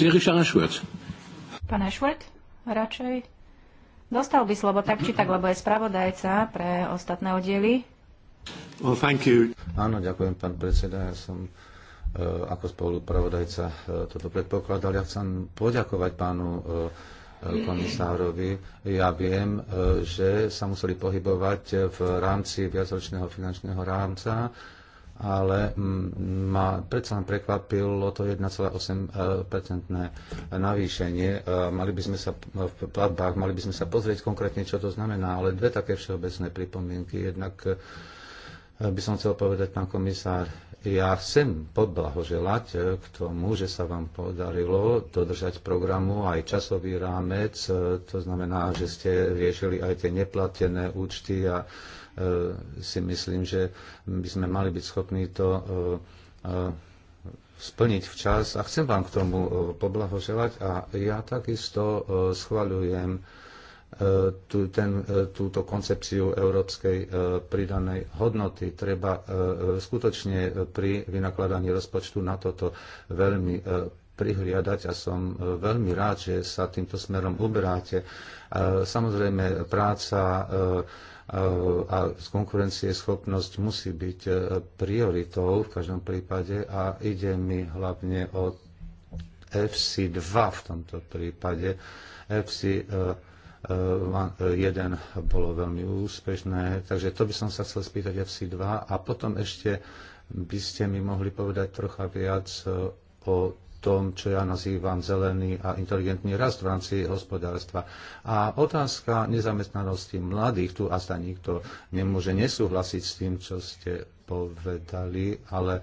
Richard Schwartz. Pán Ashworth, radšej. Dostal by slovo tak či tak, lebo je spravodajca pre ostatné oddiely. Well, thank you. Áno, ďakujem, pán predseda. Ja som e, ako spolupravodajca e, toto predpokladal. Ja chcem poďakovať pánu e, komisárovi. Ja viem, že sa museli pohybovať v rámci viacročného finančného rámca ale mm, ma predsa len prekvapilo to 1,8-percentné navýšenie. E, mali by sme sa v platbách, mali by sme sa pozrieť konkrétne, čo to znamená, ale dve také všeobecné pripomienky. Jednak e, by som chcel povedať, pán komisár, ja chcem podblahoželať e, k tomu, že sa vám podarilo dodržať programu aj časový rámec, to znamená, že ste riešili aj tie neplatené účty a E, si myslím, že by sme mali byť schopní to e, e, splniť včas a chcem vám k tomu poblahoželať a ja takisto schvaľujem tú, ten, túto koncepciu európskej pridanej hodnoty. Treba skutočne pri vynakladaní rozpočtu na toto veľmi prihliadať a som veľmi rád, že sa týmto smerom uberáte. Samozrejme, práca a konkurencieschopnosť musí byť e, prioritou v každom prípade a ide mi hlavne o FC2 v tomto prípade. FC1 e, e, bolo veľmi úspešné, takže to by som sa chcel spýtať FC2 a potom ešte by ste mi mohli povedať trocha viac o tom, čo ja nazývam zelený a inteligentný rast v rámci hospodárstva. A otázka nezamestnanosti mladých, tu asi nikto nemôže nesúhlasiť s tým, čo ste povedali, ale e,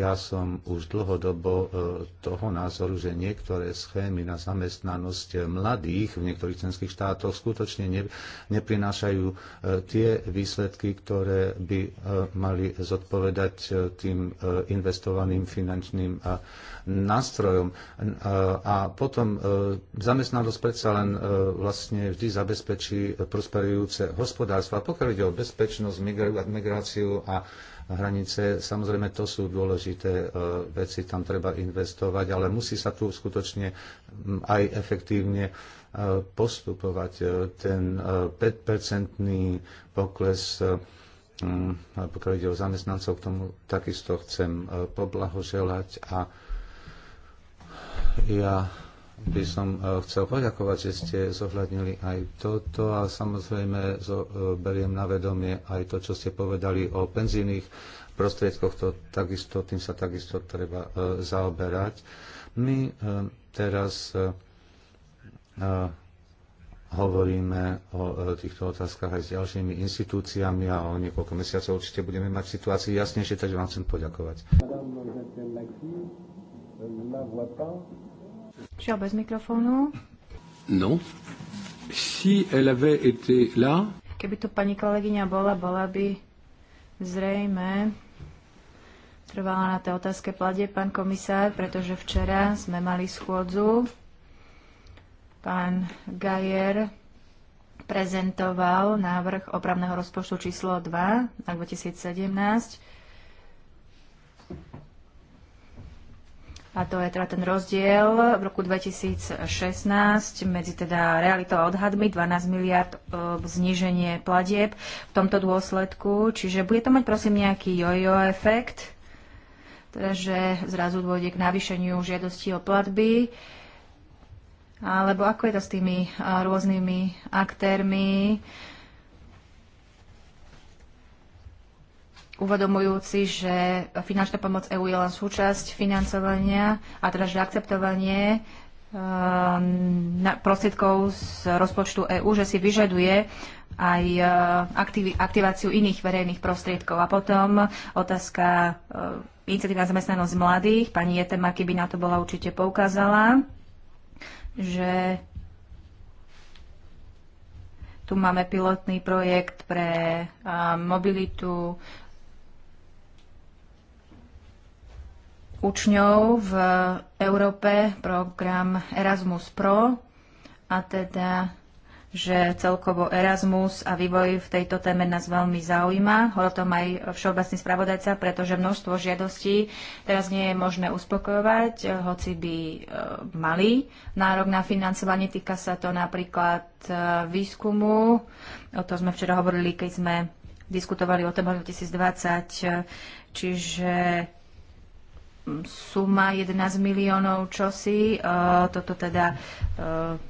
ja som už dlhodobo e, toho názoru, že niektoré schémy na zamestnanosť mladých v niektorých členských štátoch skutočne neprinášajú e, tie výsledky, ktoré by mali zodpovedať tým investovaným finančným nástrojom. A potom zamestnanosť predsa len vlastne vždy zabezpečí prosperujúce hospodárstvo. A pokiaľ ide o bezpečnosť, migráciu a hranice. Samozrejme, to sú dôležité e, veci, tam treba investovať, ale musí sa tu skutočne aj efektívne e, postupovať. E, ten 5-percentný pokles pokiaľ ide o zamestnancov, k tomu takisto chcem poblahoželať a ja by som e, chcel poďakovať, že ste zohľadnili aj toto a samozrejme e, beriem na vedomie aj to, čo ste povedali o penzijných prostriedkoch, to takisto, tým sa takisto treba e, zaoberať. My teraz hovoríme o týchto otázkach aj s ďalšími inštitúciami a o niekoľko mesiacov určite budeme mať situáciu jasnejšie, takže vám chcem poďakovať. Madame, Žiaľ bez mikrofónu. No. Si elle avait été là... Keby tu pani kolegyňa bola, bola by zrejme trvala na tej otázke plade, pán komisár, pretože včera sme mali schôdzu. Pán Gajer prezentoval návrh opravného rozpočtu číslo 2 na 2017 A to je teda ten rozdiel v roku 2016 medzi teda realitou a odhadmi 12 miliard e, zníženie platieb v tomto dôsledku. Čiže bude to mať prosím nejaký jojo efekt, teda že zrazu dôjde k navýšeniu žiadosti o platby. Alebo ako je to s tými e, rôznymi aktérmi, uvedomujúci, že finančná pomoc EU je len súčasť financovania a teda, že akceptovanie ehm, prostriedkov z rozpočtu EÚ, že si vyžaduje aj e, aktiváciu iných verejných prostriedkov. A potom otázka e, iniciatívna zamestnanosť mladých. Pani Jetema, keby na to bola určite poukázala, že tu máme pilotný projekt pre mobilitu učňov v Európe, program Erasmus Pro, a teda že celkovo Erasmus a vývoj v tejto téme nás veľmi zaujíma. o tom aj všeobecný spravodajca, pretože množstvo žiadostí teraz nie je možné uspokojovať, eh, hoci by eh, mali nárok na financovanie. Týka sa to napríklad eh, výskumu. O to sme včera hovorili, keď sme diskutovali o tom 2020, čiže suma 11 miliónov čosi. E, toto teda e,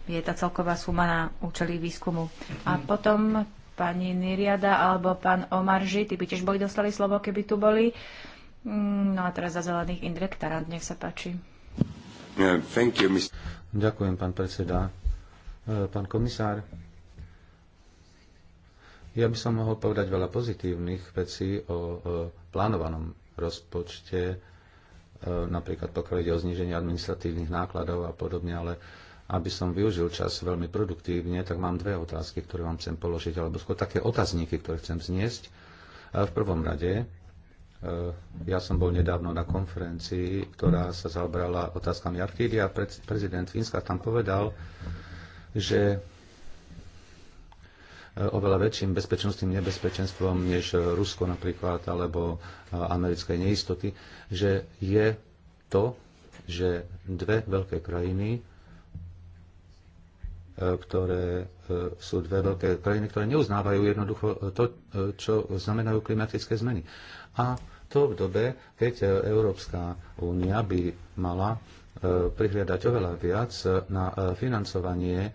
je tá celková suma na účely výskumu. A potom pani Niriada alebo pán Omarži, ty by tiež boli dostali slovo, keby tu boli. Mm, no a teraz za zelených Indrek Tarant, nech sa páči. you, Ďakujem, pán predseda. E, pán komisár, ja by som mohol povedať veľa pozitívnych vecí o plánovanom rozpočte E, napríklad pokiaľ ide o zniženie administratívnych nákladov a podobne, ale aby som využil čas veľmi produktívne, tak mám dve otázky, ktoré vám chcem položiť, alebo skôr také otázníky, ktoré chcem zniesť. E, v prvom rade, e, ja som bol nedávno na konferencii, ktorá sa zaobrala otázkami archívy a prezident Fínska tam povedal, že E, oveľa väčším bezpečnostným nebezpečenstvom než Rusko napríklad alebo e, americké neistoty, že je to, že dve veľké krajiny, e, ktoré sú dve veľké krajiny, ktoré neuznávajú jednoducho to, čo znamenajú klimatické zmeny. A to v dobe, keď Európska únia by mala prihliadať oveľa viac na financovanie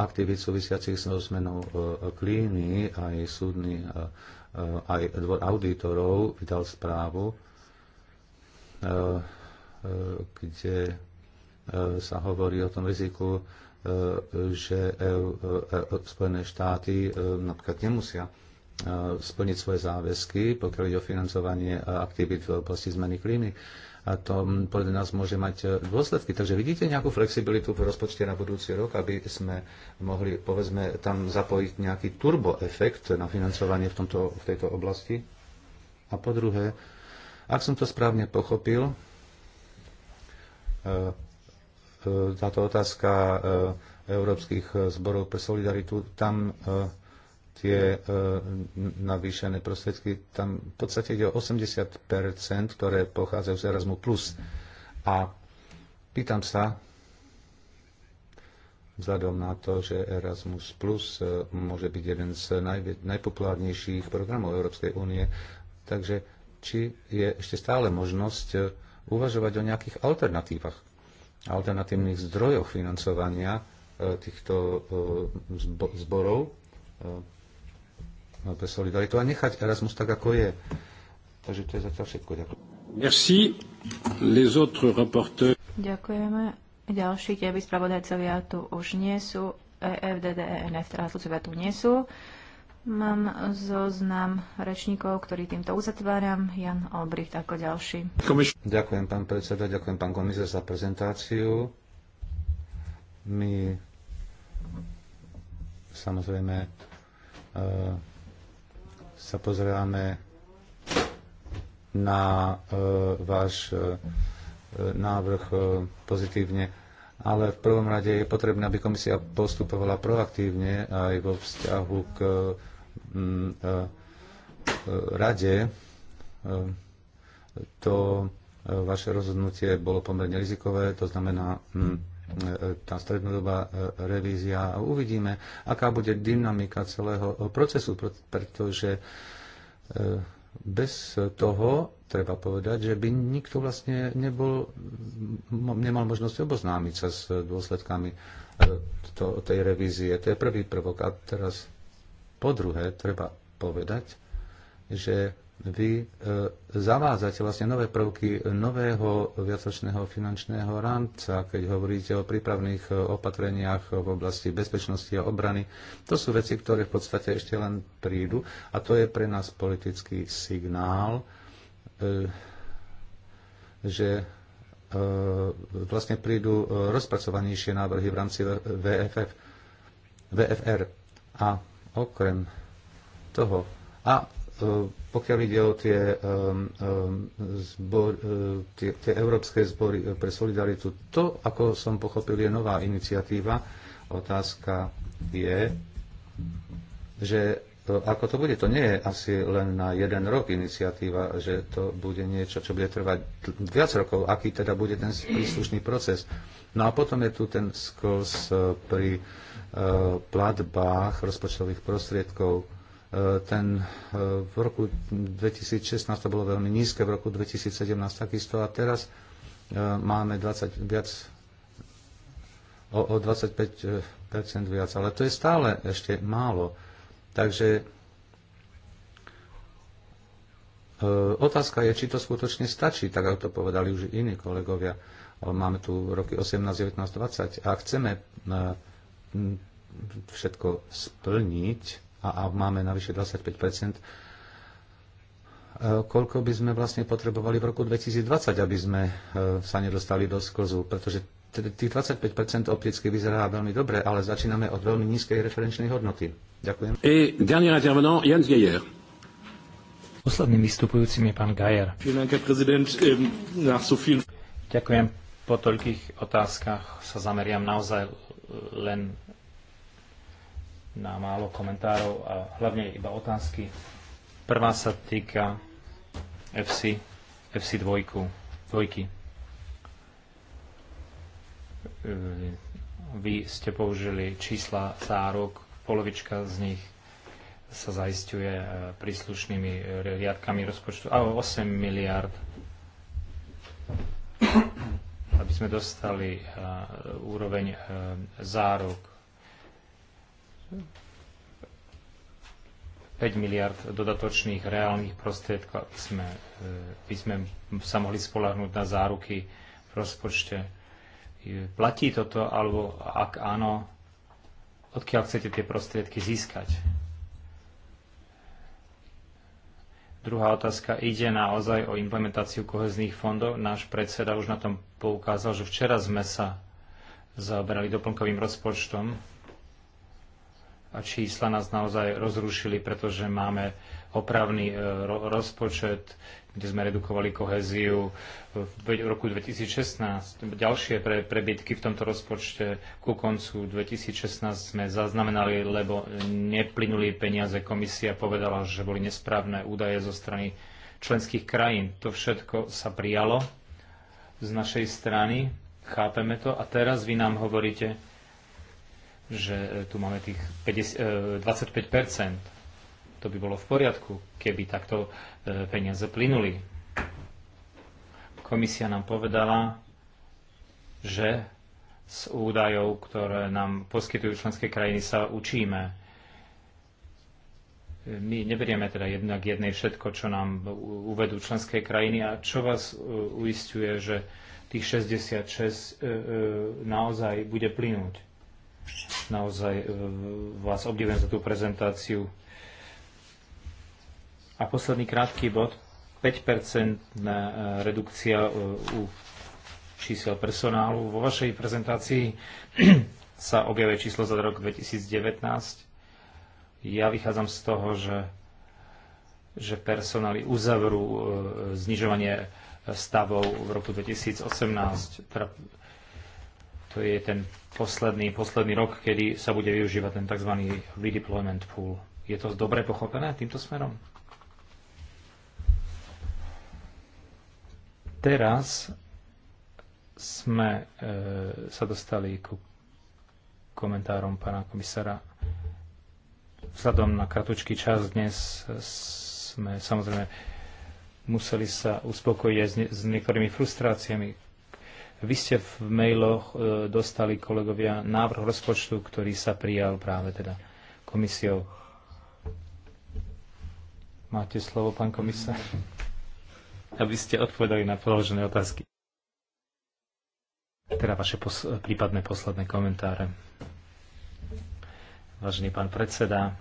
aktivít súvisiacich s zmenou e, klímy, aj súdny, e, e, aj dvor auditorov vydal správu, kde sa hovorí o tom riziku, že Spojené štáty napríklad nemusia splniť svoje záväzky, pokiaľ ide o financovanie aktivít v oblasti zmeny klímy a to mm, pre nás môže mať e, dôsledky. Takže vidíte nejakú flexibilitu v rozpočte na budúci rok, aby sme mohli, povedzme, tam zapojiť nejaký turbo efekt na financovanie v, tomto, v tejto oblasti? A po druhé, ak som to správne pochopil, e, e, táto otázka Európskych zborov pre solidaritu, tam tie e, navýšené prostriedky, tam v podstate ide o 80%, ktoré pochádzajú z Erasmu+. A pýtam sa, vzhľadom na to, že Erasmus Plus e, môže byť jeden z najpopulárnejších programov Európskej únie. Takže či je ešte stále možnosť e, uvažovať o nejakých alternatívach, alternatívnych zdrojoch financovania týchto zborov pre no, solidaritu a nechať Erasmus tak, ako je. Takže to je zatiaľ všetko. Ďakujem. Merci. Les autres rapporteurs. Ďakujeme. Ďalší tieby spravodajcovia tu už nie sú. EFDD, ENF, teraz tu nie sú. Mám zoznam rečníkov, ktorý týmto uzatváram. Jan Olbricht ako ďalší. Ďakujem, pán predseda, ďakujem, pán komisár, za prezentáciu. My samozrejme e, sa pozeráme na e, váš e, návrh e, pozitívne, ale v prvom rade je potrebné, aby komisia postupovala proaktívne aj vo vzťahu k mm, e, e, rade. E, to e, vaše rozhodnutie bolo pomerne rizikové, to znamená, M, mm, tá strednodobá e, revízia a uvidíme, aká bude dynamika celého procesu, pretože e, bez toho treba povedať, že by nikto vlastne nebol, nemal možnosť oboznámiť sa s dôsledkami e, to, tej revízie. To je prvý prvok. A teraz po druhé treba povedať, že vy e, zavádzate vlastne nové prvky nového viacročného finančného rámca, keď hovoríte o prípravných e, opatreniach v oblasti bezpečnosti a obrany. To sú veci, ktoré v podstate ešte len prídu a to je pre nás politický signál, e, že vlastne prídu rozpracovanejšie návrhy v rámci VFF, VFR. A okrem toho, a E, pokiaľ ide o tie, e, e, zbor, tie, tie európske zbory pre solidaritu, to, ako som pochopil, je nová iniciatíva. Otázka je, že ako to bude, to nie je asi len na jeden rok iniciatíva, že to bude niečo, čo bude trvať viac rokov, aký teda bude ten príslušný proces. No a potom je tu ten skos pri platbách rozpočtových prostriedkov E, ten e, v roku 2016 to bolo veľmi nízke, v roku 2017 takisto a teraz e, máme 20 viac o, o 25% viac, ale to je stále ešte málo. Takže otázka je, či to skutočne stačí, tak ako to povedali už iní kolegovia. Máme tu roky 18, 19, 20 a chceme všetko splniť, a, a máme navyše 25 e, koľko by sme vlastne potrebovali v roku 2020, aby sme e, sa nedostali do sklzu, pretože tých 25% opticky vyzerá veľmi dobre, ale začíname od veľmi nízkej referenčnej hodnoty. Ďakujem. Et dernier intervenant, Jens Geier. Posledným vystupujúcim je pán Gajer. Ähm, Ďakujem. Po toľkých otázkach sa zameriam naozaj len na málo komentárov a hlavne iba otázky. Prvá sa týka FC, FC dvojku, dvojky. Ehm, vy ste použili čísla zárok, polovička z nich sa zaistuje e, príslušnými e, riadkami rozpočtu. A 8 miliard aby sme dostali e, úroveň zárok 5 miliard dodatočných reálnych prostriedkov, aby sme, e, by sme sa mohli spolahnúť na záruky v rozpočte. Platí toto, alebo ak áno, odkiaľ chcete tie prostriedky získať? Druhá otázka ide naozaj o implementáciu kohezných fondov. Náš predseda už na tom poukázal, že včera sme sa zaoberali doplnkovým rozpočtom a čísla nás naozaj rozrušili, pretože máme opravný e, rozpočet, kde sme redukovali koheziu v roku 2016. Ďalšie pre, prebytky v tomto rozpočte ku koncu 2016 sme zaznamenali, lebo neplynuli peniaze. Komisia povedala, že boli nesprávne údaje zo strany členských krajín. To všetko sa prijalo z našej strany, chápeme to. A teraz vy nám hovoríte, že e, tu máme tých 50, 25 e, To by bolo v poriadku, keby takto e, peniaze plynuli. Komisia nám povedala, že z údajov, ktoré nám poskytujú členské krajiny, sa učíme. My neberieme teda jednak jednej všetko, čo nám uvedú členské krajiny a čo vás uistuje, že tých 66 naozaj bude plynúť Naozaj e, vás obdivujem za tú prezentáciu. A posledný krátky bod. 5% na e, redukcia e, u čísel personálu. Vo vašej prezentácii sa objavuje číslo za rok 2019. Ja vychádzam z toho, že, že personály uzavrú znižovanie stavov v roku 2018. Teda to je ten posledný, posledný rok, kedy sa bude využívať ten tzv. redeployment pool. Je to dobre pochopené týmto smerom? Teraz sme e, sa dostali ku komentárom pána komisára. Vzhľadom na kratučký čas dnes sme samozrejme museli sa uspokojiť aj s, ne, s niektorými frustráciami, vy ste v mailoch e, dostali, kolegovia, návrh rozpočtu, ktorý sa prijal práve teda komisiou. Máte slovo, pán komisár, aby ste odpovedali na položené otázky. Teda vaše pos- prípadné posledné komentáre. Vážený pán predseda,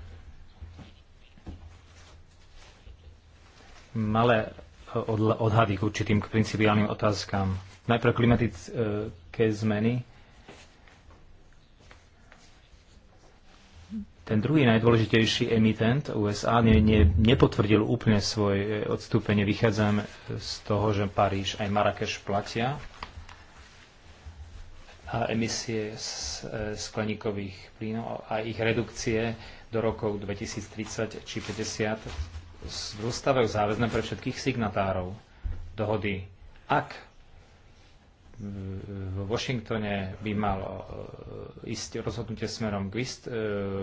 malé odhady k určitým k principiálnym otázkam Najprv klimatické zmeny. Ten druhý najdôležitejší emitent USA ne, ne, nepotvrdil úplne svoje odstúpenie. Vychádzam z toho, že Paríž aj Marrakeš platia a emisie e, skleníkových plynov a ich redukcie do rokov 2030 či 50 zostávajú záväzne pre všetkých signatárov dohody. Ak v Washingtone by malo e, ísť rozhodnutie smerom k, ist, e,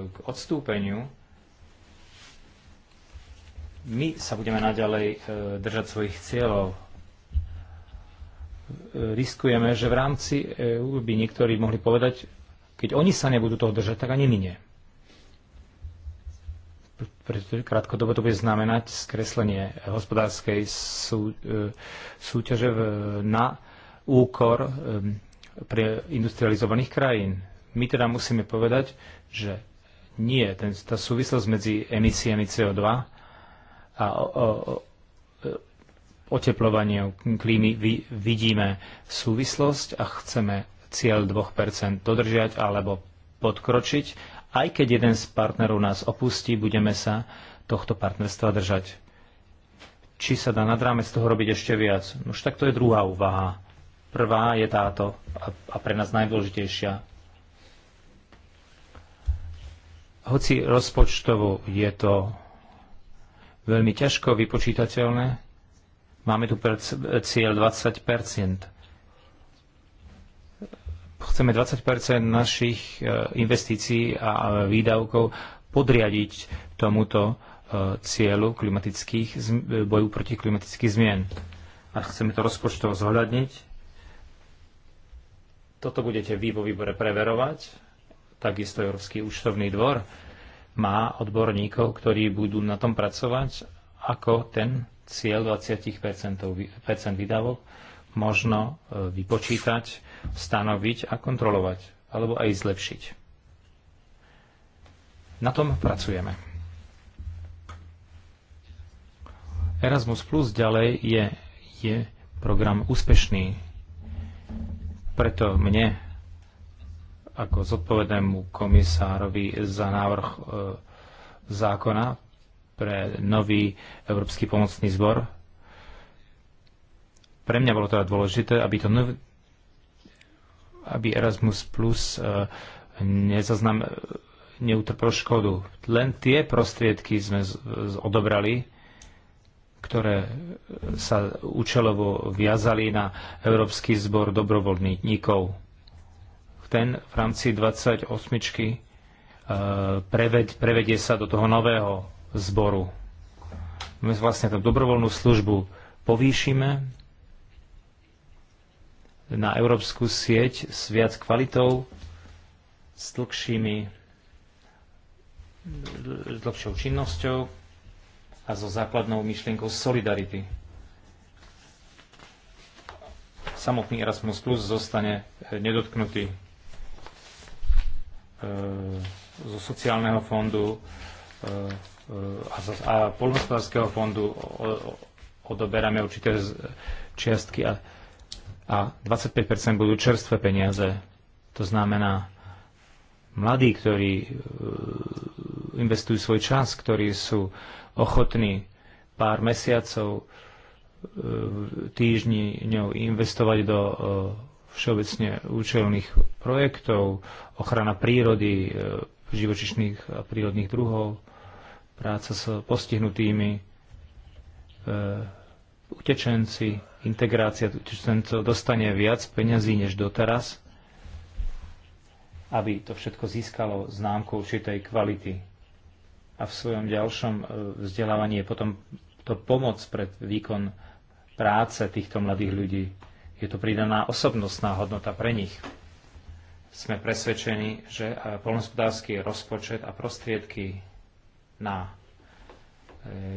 k odstúpeniu, my sa budeme naďalej e, držať svojich cieľov. Riskujeme, že v rámci EU by niektorí mohli povedať, keď oni sa nebudú toho držať, tak ani my nie. Pretože krátkodobo to bude znamenať skreslenie hospodárskej sú, súťaže na úkor pre industrializovaných krajín. My teda musíme povedať, že nie, ten, tá súvislosť medzi emisiami CO2 a o, o, oteplovaním klímy vy vidíme súvislosť a chceme cieľ 2% dodržiať alebo podkročiť. Aj keď jeden z partnerov nás opustí, budeme sa tohto partnerstva držať. Či sa dá nad rámec toho robiť ešte viac? No už tak to je druhá úvaha. Prvá je táto a pre nás najdôležitejšia. Hoci rozpočtovo je to veľmi ťažko vypočítateľné, máme tu cieľ 20 Chceme 20 našich e, investícií a výdavkov podriadiť tomuto e, cieľu klimatických, e, boju proti klimatických zmien. A chceme to rozpočtovo zohľadniť toto budete vy vo výbore preverovať. Takisto Európsky účtovný dvor má odborníkov, ktorí budú na tom pracovať, ako ten cieľ 20 výdavok možno e, vypočítať, stanoviť a kontrolovať, alebo aj zlepšiť. Na tom pracujeme. Erasmus Plus ďalej je, je program úspešný preto mne ako zodpovednému komisárovi za návrh e, zákona pre nový Európsky pomocný zbor. Pre mňa bolo teda dôležité, aby to nov... aby Erasmus Plus e, neutrpel škodu. Len tie prostriedky sme z, z, odobrali, ktoré sa účelovo viazali na Európsky zbor dobrovoľníkov. Ten v rámci 28 e, preved, prevedie sa do toho nového zboru. My vlastne tú dobrovoľnú službu povýšime na európsku sieť s viac kvalitou, s dlhšími dlhšou činnosťou, a so základnou myšlienkou solidarity. Samotný Erasmus Plus zostane eh, nedotknutý eh, zo sociálneho fondu eh, a, a polnospodárskeho fondu odoberáme určité čiastky a, a 25% budú čerstvé peniaze. To znamená, mladí, ktorí e, investujú svoj čas, ktorí sú ochotní pár mesiacov, e, týždni ňou investovať do e, všeobecne účelných projektov, ochrana prírody, živočišných a prírodných druhov, práca s postihnutými, utečenci, integrácia utečencov dostane viac peňazí než doteraz aby to všetko získalo známku určitej kvality. A v svojom ďalšom e, vzdelávaní je potom to pomoc pre výkon práce týchto mladých ľudí. Je to pridaná osobnostná hodnota pre nich. Sme presvedčení, že e, polnospodársky rozpočet a prostriedky na e,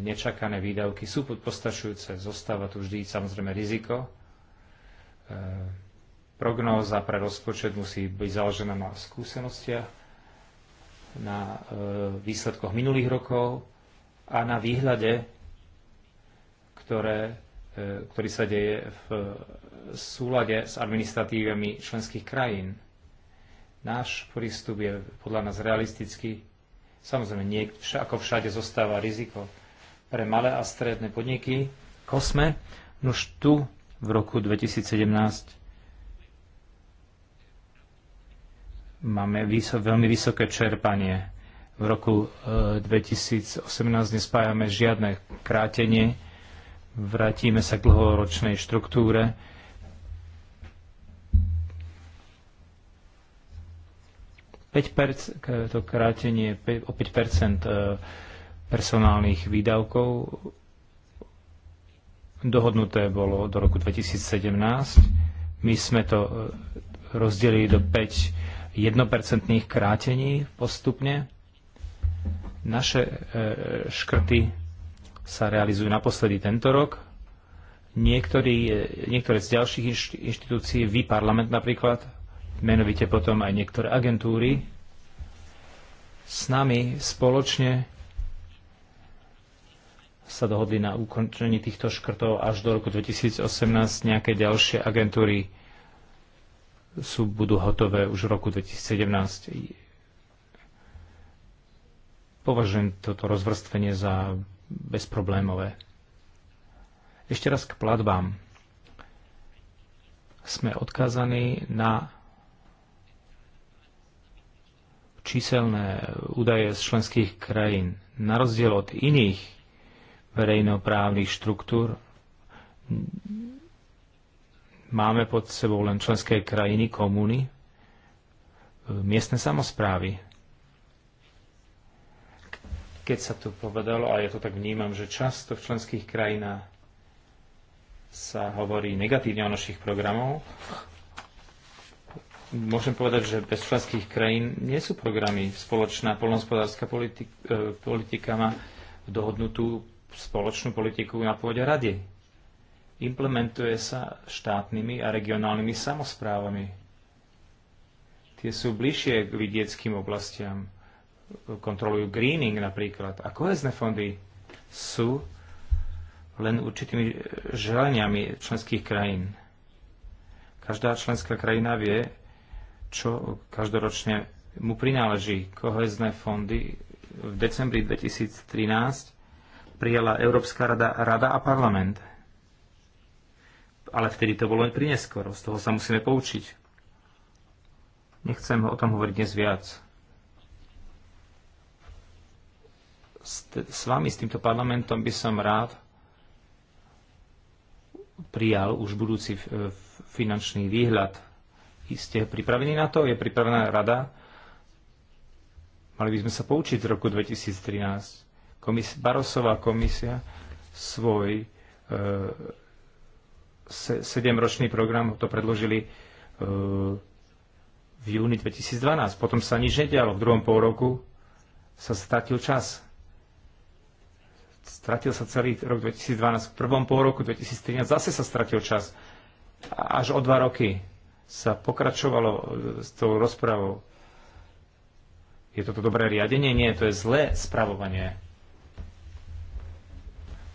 nečakané výdavky sú postačujúce. Zostáva tu vždy samozrejme riziko prognóza pre rozpočet musí byť založená na skúsenostiach, na e, výsledkoch minulých rokov a na výhľade, ktoré, e, ktorý sa deje v súlade s administratívami členských krajín. Náš prístup je podľa nás realistický. Samozrejme, nie, ako všade zostáva riziko pre malé a stredné podniky. Kosme, nož tu v roku 2017 Máme vyso- veľmi vysoké čerpanie. V roku 2018 e, nespájame žiadne krátenie. Vrátime sa k dlhoročnej štruktúre. to krátenie o 5 e, personálnych výdavkov dohodnuté bolo do roku 2017. My sme to e, rozdelili do 5 jednopercentných krátení postupne. Naše e, škrty sa realizujú naposledy tento rok. Niektorí, e, niektoré z ďalších inštitúcií, vy parlament napríklad, menovite potom aj niektoré agentúry, s nami spoločne sa dohodli na ukončení týchto škrtov až do roku 2018 nejaké ďalšie agentúry sú, budú hotové už v roku 2017. Považujem toto rozvrstvenie za bezproblémové. Ešte raz k platbám. Sme odkázaní na číselné údaje z členských krajín. Na rozdiel od iných verejnoprávnych štruktúr Máme pod sebou len členské krajiny, komúny, e, miestne samozprávy. Keď sa tu povedalo, a ja to tak vnímam, že často v členských krajinách sa hovorí negatívne o našich programoch, môžem povedať, že bez členských krajín nie sú programy. Spoločná polnohospodárska politika, e, politika má dohodnutú spoločnú politiku na pôde rady implementuje sa štátnymi a regionálnymi samozprávami. Tie sú bližšie k vidieckým oblastiam. Kontrolujú greening napríklad. A kohezné fondy sú len určitými želaniami členských krajín. Každá členská krajina vie, čo každoročne mu prináleží. Kohezné fondy v decembri 2013 prijala Európska rada, rada a parlament ale vtedy to bolo pri prineskoro. Z toho sa musíme poučiť. Nechcem o tom hovoriť dnes viac. S, s vami, s týmto parlamentom by som rád prijal už budúci e, finančný výhľad. Ste pripravení na to? Je pripravená rada? Mali by sme sa poučiť z roku 2013. Komis- Barosová komisia svoj e, sedemročný program to predložili e, v júni 2012. Potom sa nič nedialo. V druhom pol roku sa stratil čas. Stratil sa celý rok 2012. V prvom pol roku 2013 zase sa stratil čas. Až o dva roky sa pokračovalo e, s tou rozprávou. Je toto dobré riadenie? Nie, to je zlé spravovanie.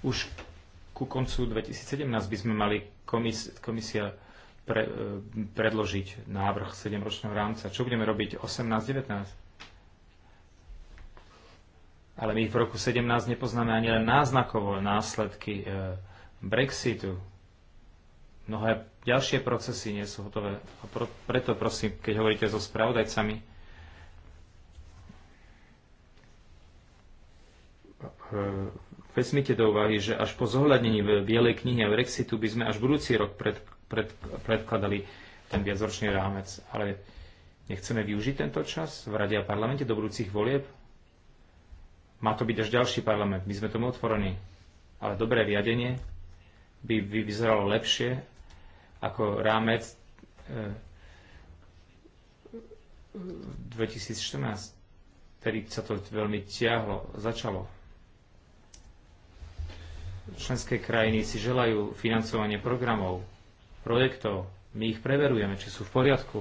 Už ku koncu 2017 by sme mali komis- komisia pre, e, predložiť návrh 7-ročného rámca. Čo budeme robiť 18-19? Ale my v roku 17 nepoznáme ani len náznakovo následky e, Brexitu. Mnohé ďalšie procesy nie sú hotové. A preto prosím, keď hovoríte so spravodajcami, e, Vezmite do úvahy, že až po zohľadnení Bielej knihy a Brexitu by sme až budúci rok pred, pred, predkladali ten viacročný rámec. Ale nechceme využiť tento čas v Rade a parlamente do budúcich volieb? Má to byť až ďalší parlament, my sme tomu otvorení. Ale dobré riadenie by vyzeralo lepšie ako rámec e, 2014, ktorý sa to veľmi tiahlo, začalo členské krajiny si želajú financovanie programov, projektov. My ich preverujeme, či sú v poriadku.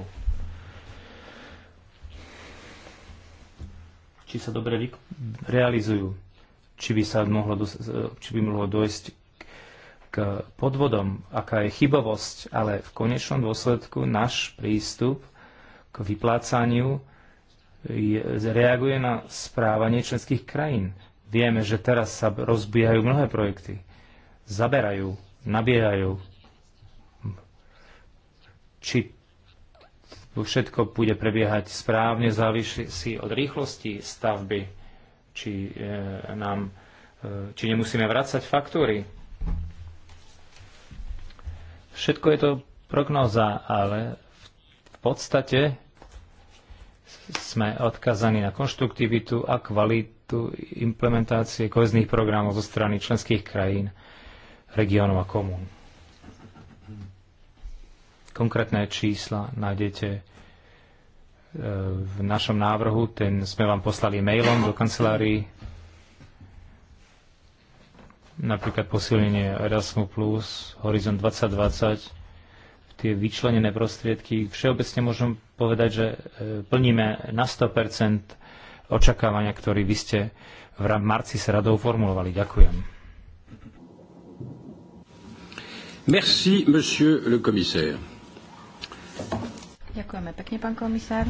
Či sa dobre realizujú. Či by, sa mohlo e, či by mohlo dojsť k podvodom, aká je chybovosť, ale v konečnom dôsledku náš prístup k vyplácaniu je, reaguje na správanie členských krajín Vieme, že teraz sa rozbiehajú mnohé projekty. Zaberajú, nabiehajú. Či všetko bude prebiehať správne, závisí od rýchlosti stavby, či, e, nám, e, či nemusíme vrácať faktúry. Všetko je to prognoza, ale v podstate sme odkazaní na konštruktivitu a kvalitu tu implementácie kohezných programov zo strany členských krajín, regiónov a komún. Konkrétne čísla nájdete e, v našom návrhu, ten sme vám poslali mailom do kancelárii. Napríklad posilnenie Erasmus+, Horizon 2020, tie vyčlenené prostriedky. Všeobecne môžem povedať, že e, plníme na 100% očakávania, ktorý vy ste v marci s radou formulovali. Ďakujem. Merci, monsieur le commissaire. Ďakujeme pekne, pán komisár.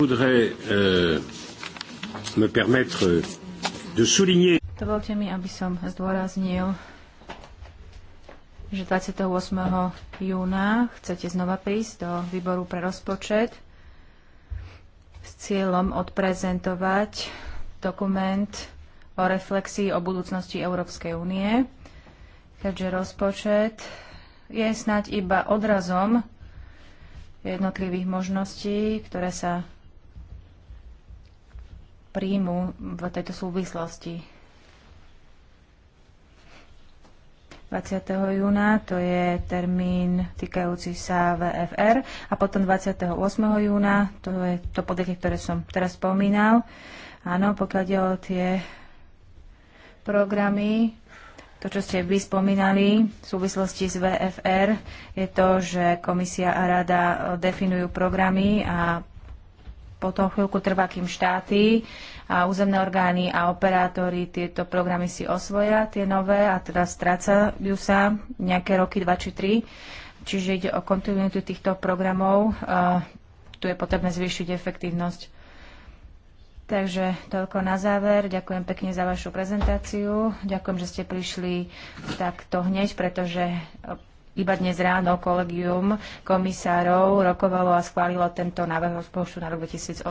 Voudrais, euh, me permettre de souligner... Dovolte mi, aby som zdôraznil, že 28. júna chcete znova prísť do výboru pre rozpočet s cieľom odprezentovať dokument o reflexii o budúcnosti Európskej únie, keďže rozpočet je snáď iba odrazom jednotlivých možností, ktoré sa príjmu v tejto súvislosti. 20. júna, to je termín týkajúci sa VFR, a potom 28. júna, to je to podete, ktoré som teraz spomínal. Áno, pokiaľ ide o tie programy, to, čo ste vy spomínali v súvislosti s VFR, je to, že komisia a rada definujú programy a potom chvíľku trvá, kým štáty a územné orgány a operátori tieto programy si osvoja, tie nové, a teda strácajú sa nejaké roky, dva či tri. Čiže ide o kontinuitu týchto programov. A tu je potrebné zvýšiť efektívnosť. Takže toľko na záver. Ďakujem pekne za vašu prezentáciu. Ďakujem, že ste prišli takto hneď, pretože iba dnes ráno kolegium komisárov rokovalo a schválilo tento návrh rozpočtu na rok 2018.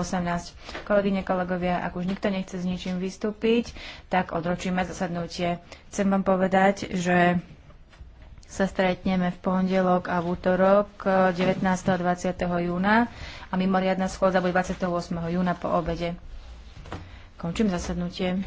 Kolegyne, kolegovia, ak už nikto nechce s ničím vystúpiť, tak odročíme zasadnutie. Chcem vám povedať, že sa stretneme v pondelok a v útorok 19. a 20. júna a mimoriadná schôdza bude 28. júna po obede. Končím zasadnutie.